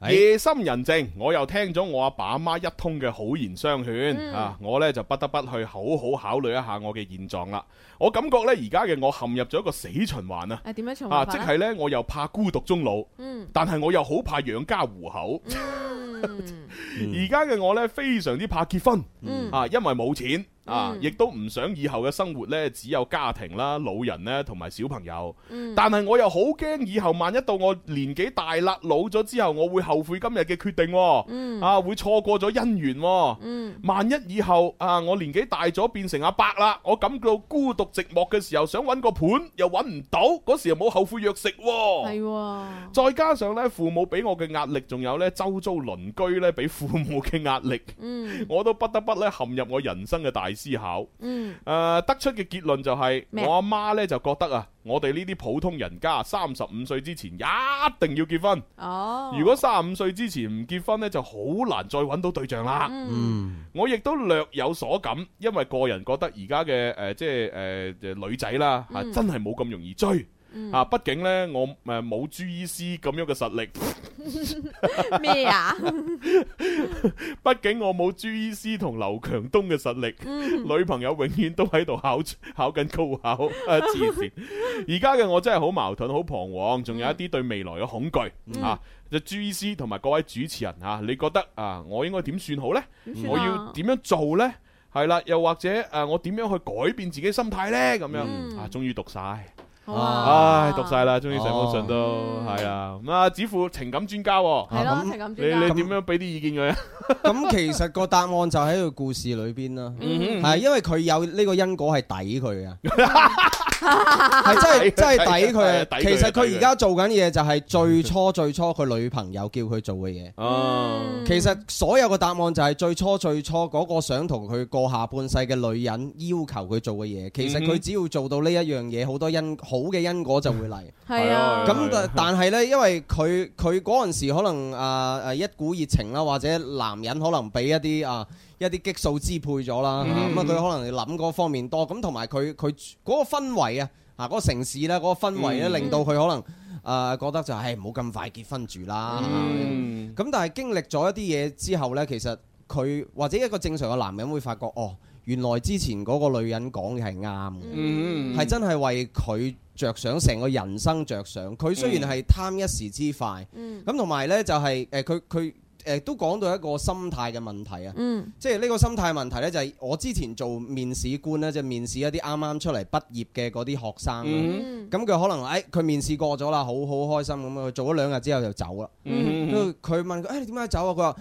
吓、啊，夜深人靜，我又聽咗我阿爸阿媽一通嘅好言相勸、嗯、啊，我呢就不得不去好好考慮一下我嘅現狀啦。我感覺呢，而家嘅我陷入咗一個死循環啊，啊，即係呢，我又怕孤獨終老，嗯、但係我又好怕養家糊口。嗯 而家嘅我呢，非常之怕結婚，嗯、啊，因為冇錢啊，亦都唔想以後嘅生活呢只有家庭啦、老人呢同埋小朋友。嗯、但係我又好驚以後萬一到我年紀大啦、老咗之後，我會後悔今日嘅決定，啊，會錯過咗姻緣、啊。萬一以後啊，我年紀大咗變成阿伯啦，我感覺到孤獨寂寞嘅時候，想揾個伴又揾唔到，嗰時又冇後悔藥食。啊嗯嗯、再加上呢，父母俾我嘅壓力，仲有呢，周遭鄰居呢。俾。遍父母嘅壓力，嗯、我都不得不咧陷入我人生嘅大思考。誒、嗯呃，得出嘅結論就係、是、麼我阿媽咧就覺得啊，我哋呢啲普通人家三十五歲之前一定要結婚。哦，如果三十五歲之前唔結婚咧，就好難再揾到對象啦。嗯，我亦都略有所感，因為個人覺得而家嘅誒，即係誒、呃、女仔啦吓，啊嗯、真係冇咁容易追。啊，畢竟咧，我誒冇、呃、朱醫師咁樣嘅實力咩啊？畢 呀竟我冇朱醫師同劉強東嘅實力， 女朋友永遠都喺度考考緊高考。而家嘅我真係好矛盾，好彷徨，仲有一啲對未來嘅恐懼、嗯、啊！就朱醫師同埋各位主持人啊，你覺得啊，我應該點算好呢？啊、我要點樣做呢？係啦，又或者誒、啊，我點樣去改變自己心態呢？咁樣、嗯、啊，終於讀晒。唉，讀晒啦，終於成個信都係啊，啊子富，情感專家，係咯，咁，你你點樣俾啲意見佢？咁其實個答案就喺個故事裏邊啦，係 因為佢有呢個因果係抵佢嘅，係真係真係抵佢。 其實佢而家做緊嘢，就係最初最初佢女朋友叫佢做嘅嘢。哦， 其實所有嘅答案就係最初最初嗰個想同佢過下半世嘅女人要求佢做嘅嘢。其實佢只要做到呢一樣嘢，好多因果，好嘅因果就會嚟，係 啊。咁、嗯、但係呢，因為佢佢嗰陣時可能啊啊、呃、一股熱情啦，或者男人可能俾一啲啊、呃、一啲激素支配咗啦。咁啊，佢、嗯嗯、可能諗嗰方面多。咁同埋佢佢嗰個氛圍啊，啊、那、嗰個城市呢，嗰、那個氛圍呢，令到佢可能啊、呃、覺得就係唔好咁快結婚住啦。咁、啊嗯嗯嗯嗯、但係經歷咗一啲嘢之後呢，其實佢或者一個正常嘅男人會發覺哦。原來之前嗰個女人講嘅係啱嘅，係、嗯、真係為佢着想，成個人生着想。佢雖然係貪一時之快，咁同埋呢就係、是、誒，佢、呃、佢。誒都講到一個心態嘅問題啊，即係呢個心態問題呢，就係我之前做面試官呢，就面試一啲啱啱出嚟畢業嘅嗰啲學生。咁佢可能誒佢面試過咗啦，好好開心咁啊，做咗兩日之後就走啦。佢問佢誒點解走啊？佢話：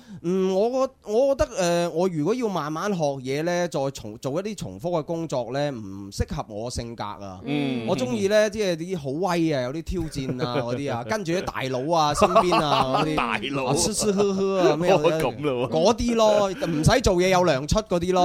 我我覺得我如果要慢慢學嘢呢，再重做一啲重複嘅工作呢，唔適合我性格啊。我中意呢，即係啲好威啊，有啲挑戰啊嗰啲啊，跟住啲大佬啊身邊啊嗰啲，吃吃喝哦咁咯，嗰啲 咯，唔使做嘢有糧出嗰啲咯。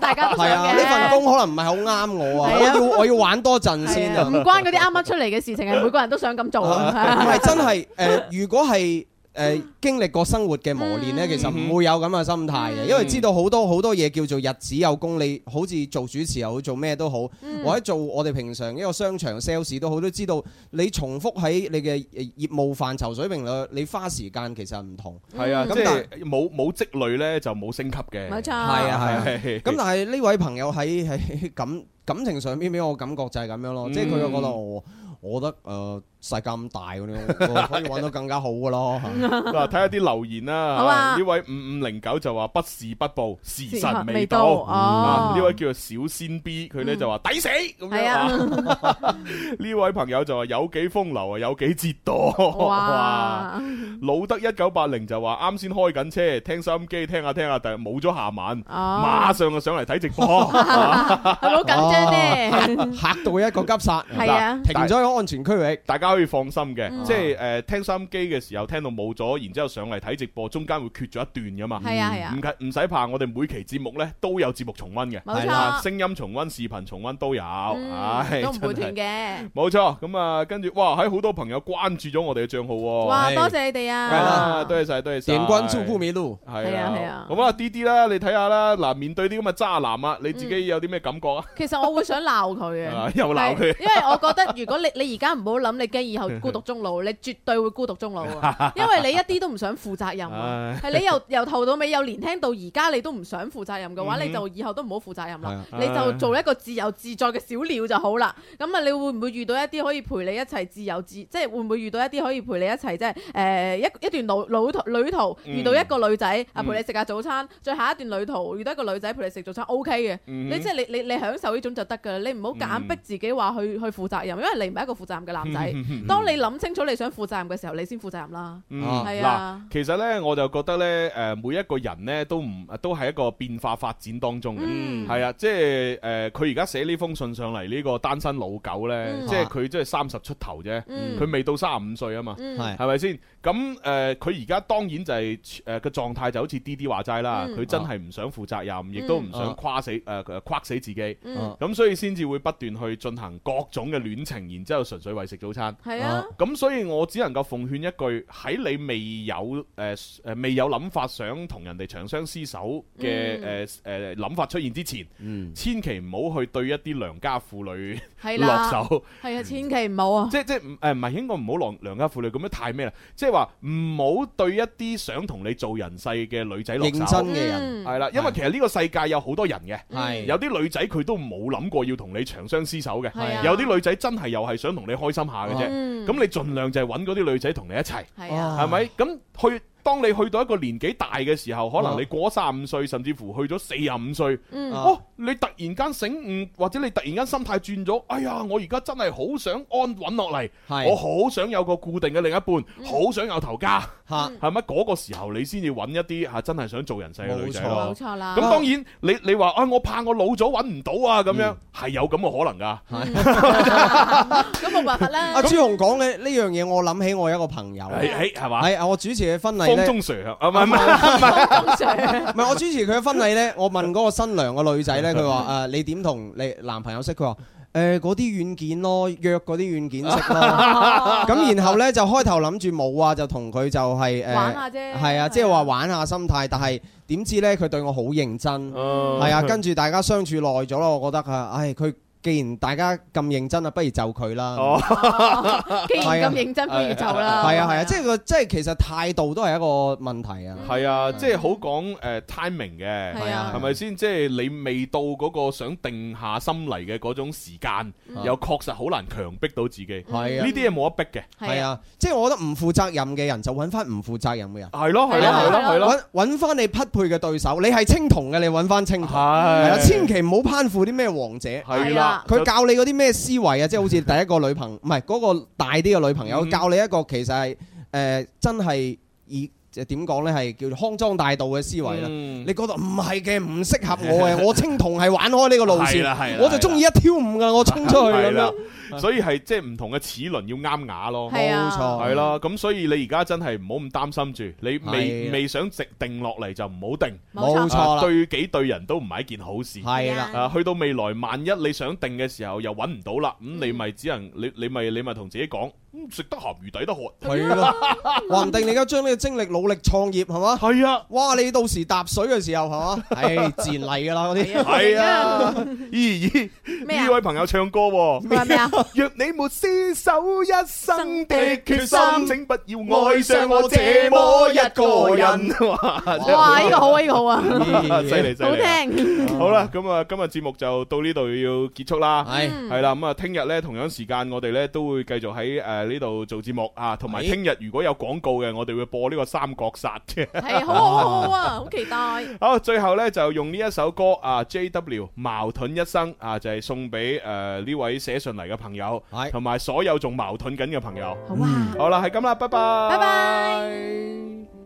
大家係啊，呢份工可能唔係好啱我啊。我要我要玩多陣先。啊。唔、啊、 關嗰啲啱啱出嚟嘅事情，係 每個人都想咁做。唔係 真係誒、呃，如果係。誒、呃，經歷過生活嘅磨練呢，其實唔會有咁嘅心態嘅，嗯、因為知道好多好多嘢叫做日子有功，你好似做主持又好，做咩都好，嗯、或者做我哋平常一個商場 sales 都好，都知道你重複喺你嘅業務範疇水平度，你花時間其實唔同。係啊，咁、嗯、但係冇冇積累呢，就冇升級嘅。冇錯，係啊係啊，咁、啊啊啊、 但係呢位朋友喺喺感感情上邊俾我感覺就係咁樣咯，即係佢就覺得我，嗯、我覺得誒。呃世界咁大，可以揾到更加好嘅咯。嗱，睇下啲留言啦。呢位五五零九就話不是不報，時辰未到。呢位叫做小仙 B，佢咧就話抵死咁樣。呢位朋友就話有幾風流啊，有幾折墮。哇！老得一九八零就話啱先開緊車，聽收音機聽下聽下，突然冇咗下晚，馬上就上嚟睇直播，係咪好緊張呢？吓到一個急剎，係啊，停咗喺個安全區域，大家。可以放心嘅，即係誒，聽收音機嘅時候聽到冇咗，然之後上嚟睇直播，中間會缺咗一段噶嘛？係啊係啊，唔係，唔使怕，我哋每期節目咧都有節目重温嘅，係啊，聲音重温、視頻重温都有，都唔會斷嘅。冇錯，咁啊，跟住哇，喺好多朋友關注咗我哋嘅賬號。哇，多謝你哋啊！係啦，多謝晒，多謝晒。點關注不迷路。係啊係啊。咁啊，D D 啦，你睇下啦，嗱，面對啲咁嘅渣男啊，你自己有啲咩感覺啊？其實我會想鬧佢啊，又鬧佢，因為我覺得如果你你而家唔好諗你。以後孤獨終老，你絕對會孤獨終老。因為你一啲都唔想負責任，係 你由由頭到尾，由年輕到而家，你都唔想負責任嘅話，嗯、哼你就以後都唔好負責任啦。嗯、哼你就做一個自由自在嘅小鳥就好啦。咁啊、嗯哼，你會唔會遇到一啲可以陪你一齊自由自？即係會唔會遇到一啲可以陪你一齊，即係誒一一段路途旅途，遇到一個女仔啊，嗯、陪你食下早餐；再下、嗯、哼一段旅途，遇到一個女仔陪你食早餐，O K 嘅。你即係你你享受呢種就得噶啦，你唔好夾硬逼自己話去、嗯、哼去，去負責任，因為你唔係一個負責任嘅男仔。嗯當你諗清楚你想負責任嘅時候，你先負責任啦。係啊，其實呢，我就覺得呢，誒，每一個人呢，都唔都係一個變化發展當中嘅，係啊，即係佢而家寫呢封信上嚟，呢個單身老狗呢，即係佢即係三十出頭啫，佢未到三十五歲啊嘛，係咪先？咁誒，佢而家當然就係誒個狀態就好似 D D 話齋啦，佢真係唔想負責任，亦都唔想垮死誒誒垮死自己，咁所以先至會不斷去進行各種嘅戀情，然之後純粹為食早餐。係啊，咁所以我只能夠奉勸一句：喺你未有誒誒未有諗法想同人哋長相厮守嘅誒誒諗法出現之前，千祈唔好去對一啲良家婦女落手。係啊，千祈唔好啊！即即誒唔係應該唔好落良家婦女咁樣太咩啦？即係話唔好對一啲想同你做人世嘅女仔落手。認真嘅人係啦，因為其實呢個世界有好多人嘅，有啲女仔佢都冇諗過要同你長相厮守嘅，有啲女仔真係又係想同你開心下嘅啫。咁、嗯、你儘量就係揾嗰啲女仔同你一齊，係啊，係咪？咁去。當你去到一個年紀大嘅時候，可能你過三十五歲，甚至乎去咗四十五歲，哦，你突然間醒悟，或者你突然間心態轉咗，哎呀，我而家真係好想安穩落嚟，我好想有個固定嘅另一半，好想有頭家，係咪？嗰個時候你先至揾一啲嚇真係想做人世嘅女仔。冇錯啦。咁當然你你話啊，我怕我老咗揾唔到啊，咁樣係有咁嘅可能㗎。咁冇辦法啦。阿朱紅講嘅呢樣嘢，我諗起我一個朋友，係係係嘛？係我主持嘅婚禮。嗯、中蛇文啊！唔唔係唔係，唔係我支持佢嘅婚禮咧。我問嗰個新娘個女仔咧，佢話：誒、呃，你點同你男朋友識？佢話：誒，嗰、呃、啲軟件咯，約嗰啲軟件識咯。咁 然後咧就開頭諗住冇啊，就同佢就係誒、呃，玩下啫，係啊，即係話玩下心態。但係點知咧，佢對我好認真，係啊。跟住大家相處耐咗咯，我覺得啊，唉、哎，佢。既然大家咁認真啊，不如就佢啦。既然咁認真，不如就啦。係啊，係啊，即係個即係其實態度都係一個問題啊。係啊，即係好講誒 timing 嘅，係啊，係咪先？即係你未到嗰個想定下心嚟嘅嗰種時間，又確實好難強迫到自己。係啊，呢啲嘢冇得逼嘅。係啊，即係我覺得唔負責任嘅人就揾翻唔負責任嘅人。係咯，係咯，係咯，係咯，揾翻你匹配嘅對手。你係青銅嘅，你揾翻青銅。係啊，千祈唔好攀附啲咩王者。係啦。佢教你嗰啲咩思維啊？即、就、係、是、好似第一個女朋友，唔係嗰個大啲嘅女朋友，教你一個其實係誒、呃、真係以點講呢？係叫做康莊大道嘅思維啦。嗯、你覺得唔係嘅，唔適合我嘅，我青銅係玩開呢個路線， 我就中意一挑五㗎，我衝出去啦。所以係即係唔同嘅齒輪要啱牙咯，冇錯錯，係啦，咁所以你而家真係唔好咁擔心住，你未是的 未想直定落嚟就唔好定，冇錯啦，對己對人都唔係一件好事，係啦，誒，去到未來萬一你想定嘅時候又揾唔到啦，咁你咪只能、嗯、你你咪你咪同自己講。食得鹹魚抵得渴，係啦，話唔定你而家將呢個精力努力創業係嘛？係啊，哇！你到時踏水嘅時候係嘛？係自然嚟噶啦嗰啲，係啊，咦咦？呢位朋友唱歌，咩啊？若你沒廝守一生的決心，請不要愛上我這麼一個人。哇！呢個好啊，呢個好啊，犀利，好聽。好啦，咁啊，今日節目就到呢度要結束啦。係係啦，咁啊，聽日咧同樣時間我哋咧都會繼續喺誒。呢度做節目啊，同埋聽日如果有廣告嘅，我哋會播呢個三角殺《三國殺》嘅，係好好好啊，好 期待。好，最後呢就用呢一首歌啊，JW 矛盾一生啊，就係、是、送俾誒呢位寫信嚟嘅朋友，同埋是所有仲矛盾緊嘅朋友。好啊，嗯、好啦，係咁啦，拜拜，拜拜。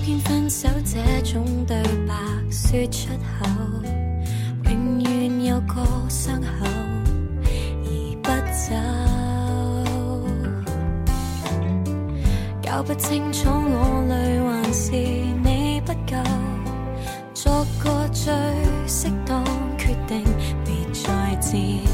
偏偏分手這種對白說出口，永遠有個傷口而不走。搞不清楚我累還是你不夠，作個最適當決定，別再戰。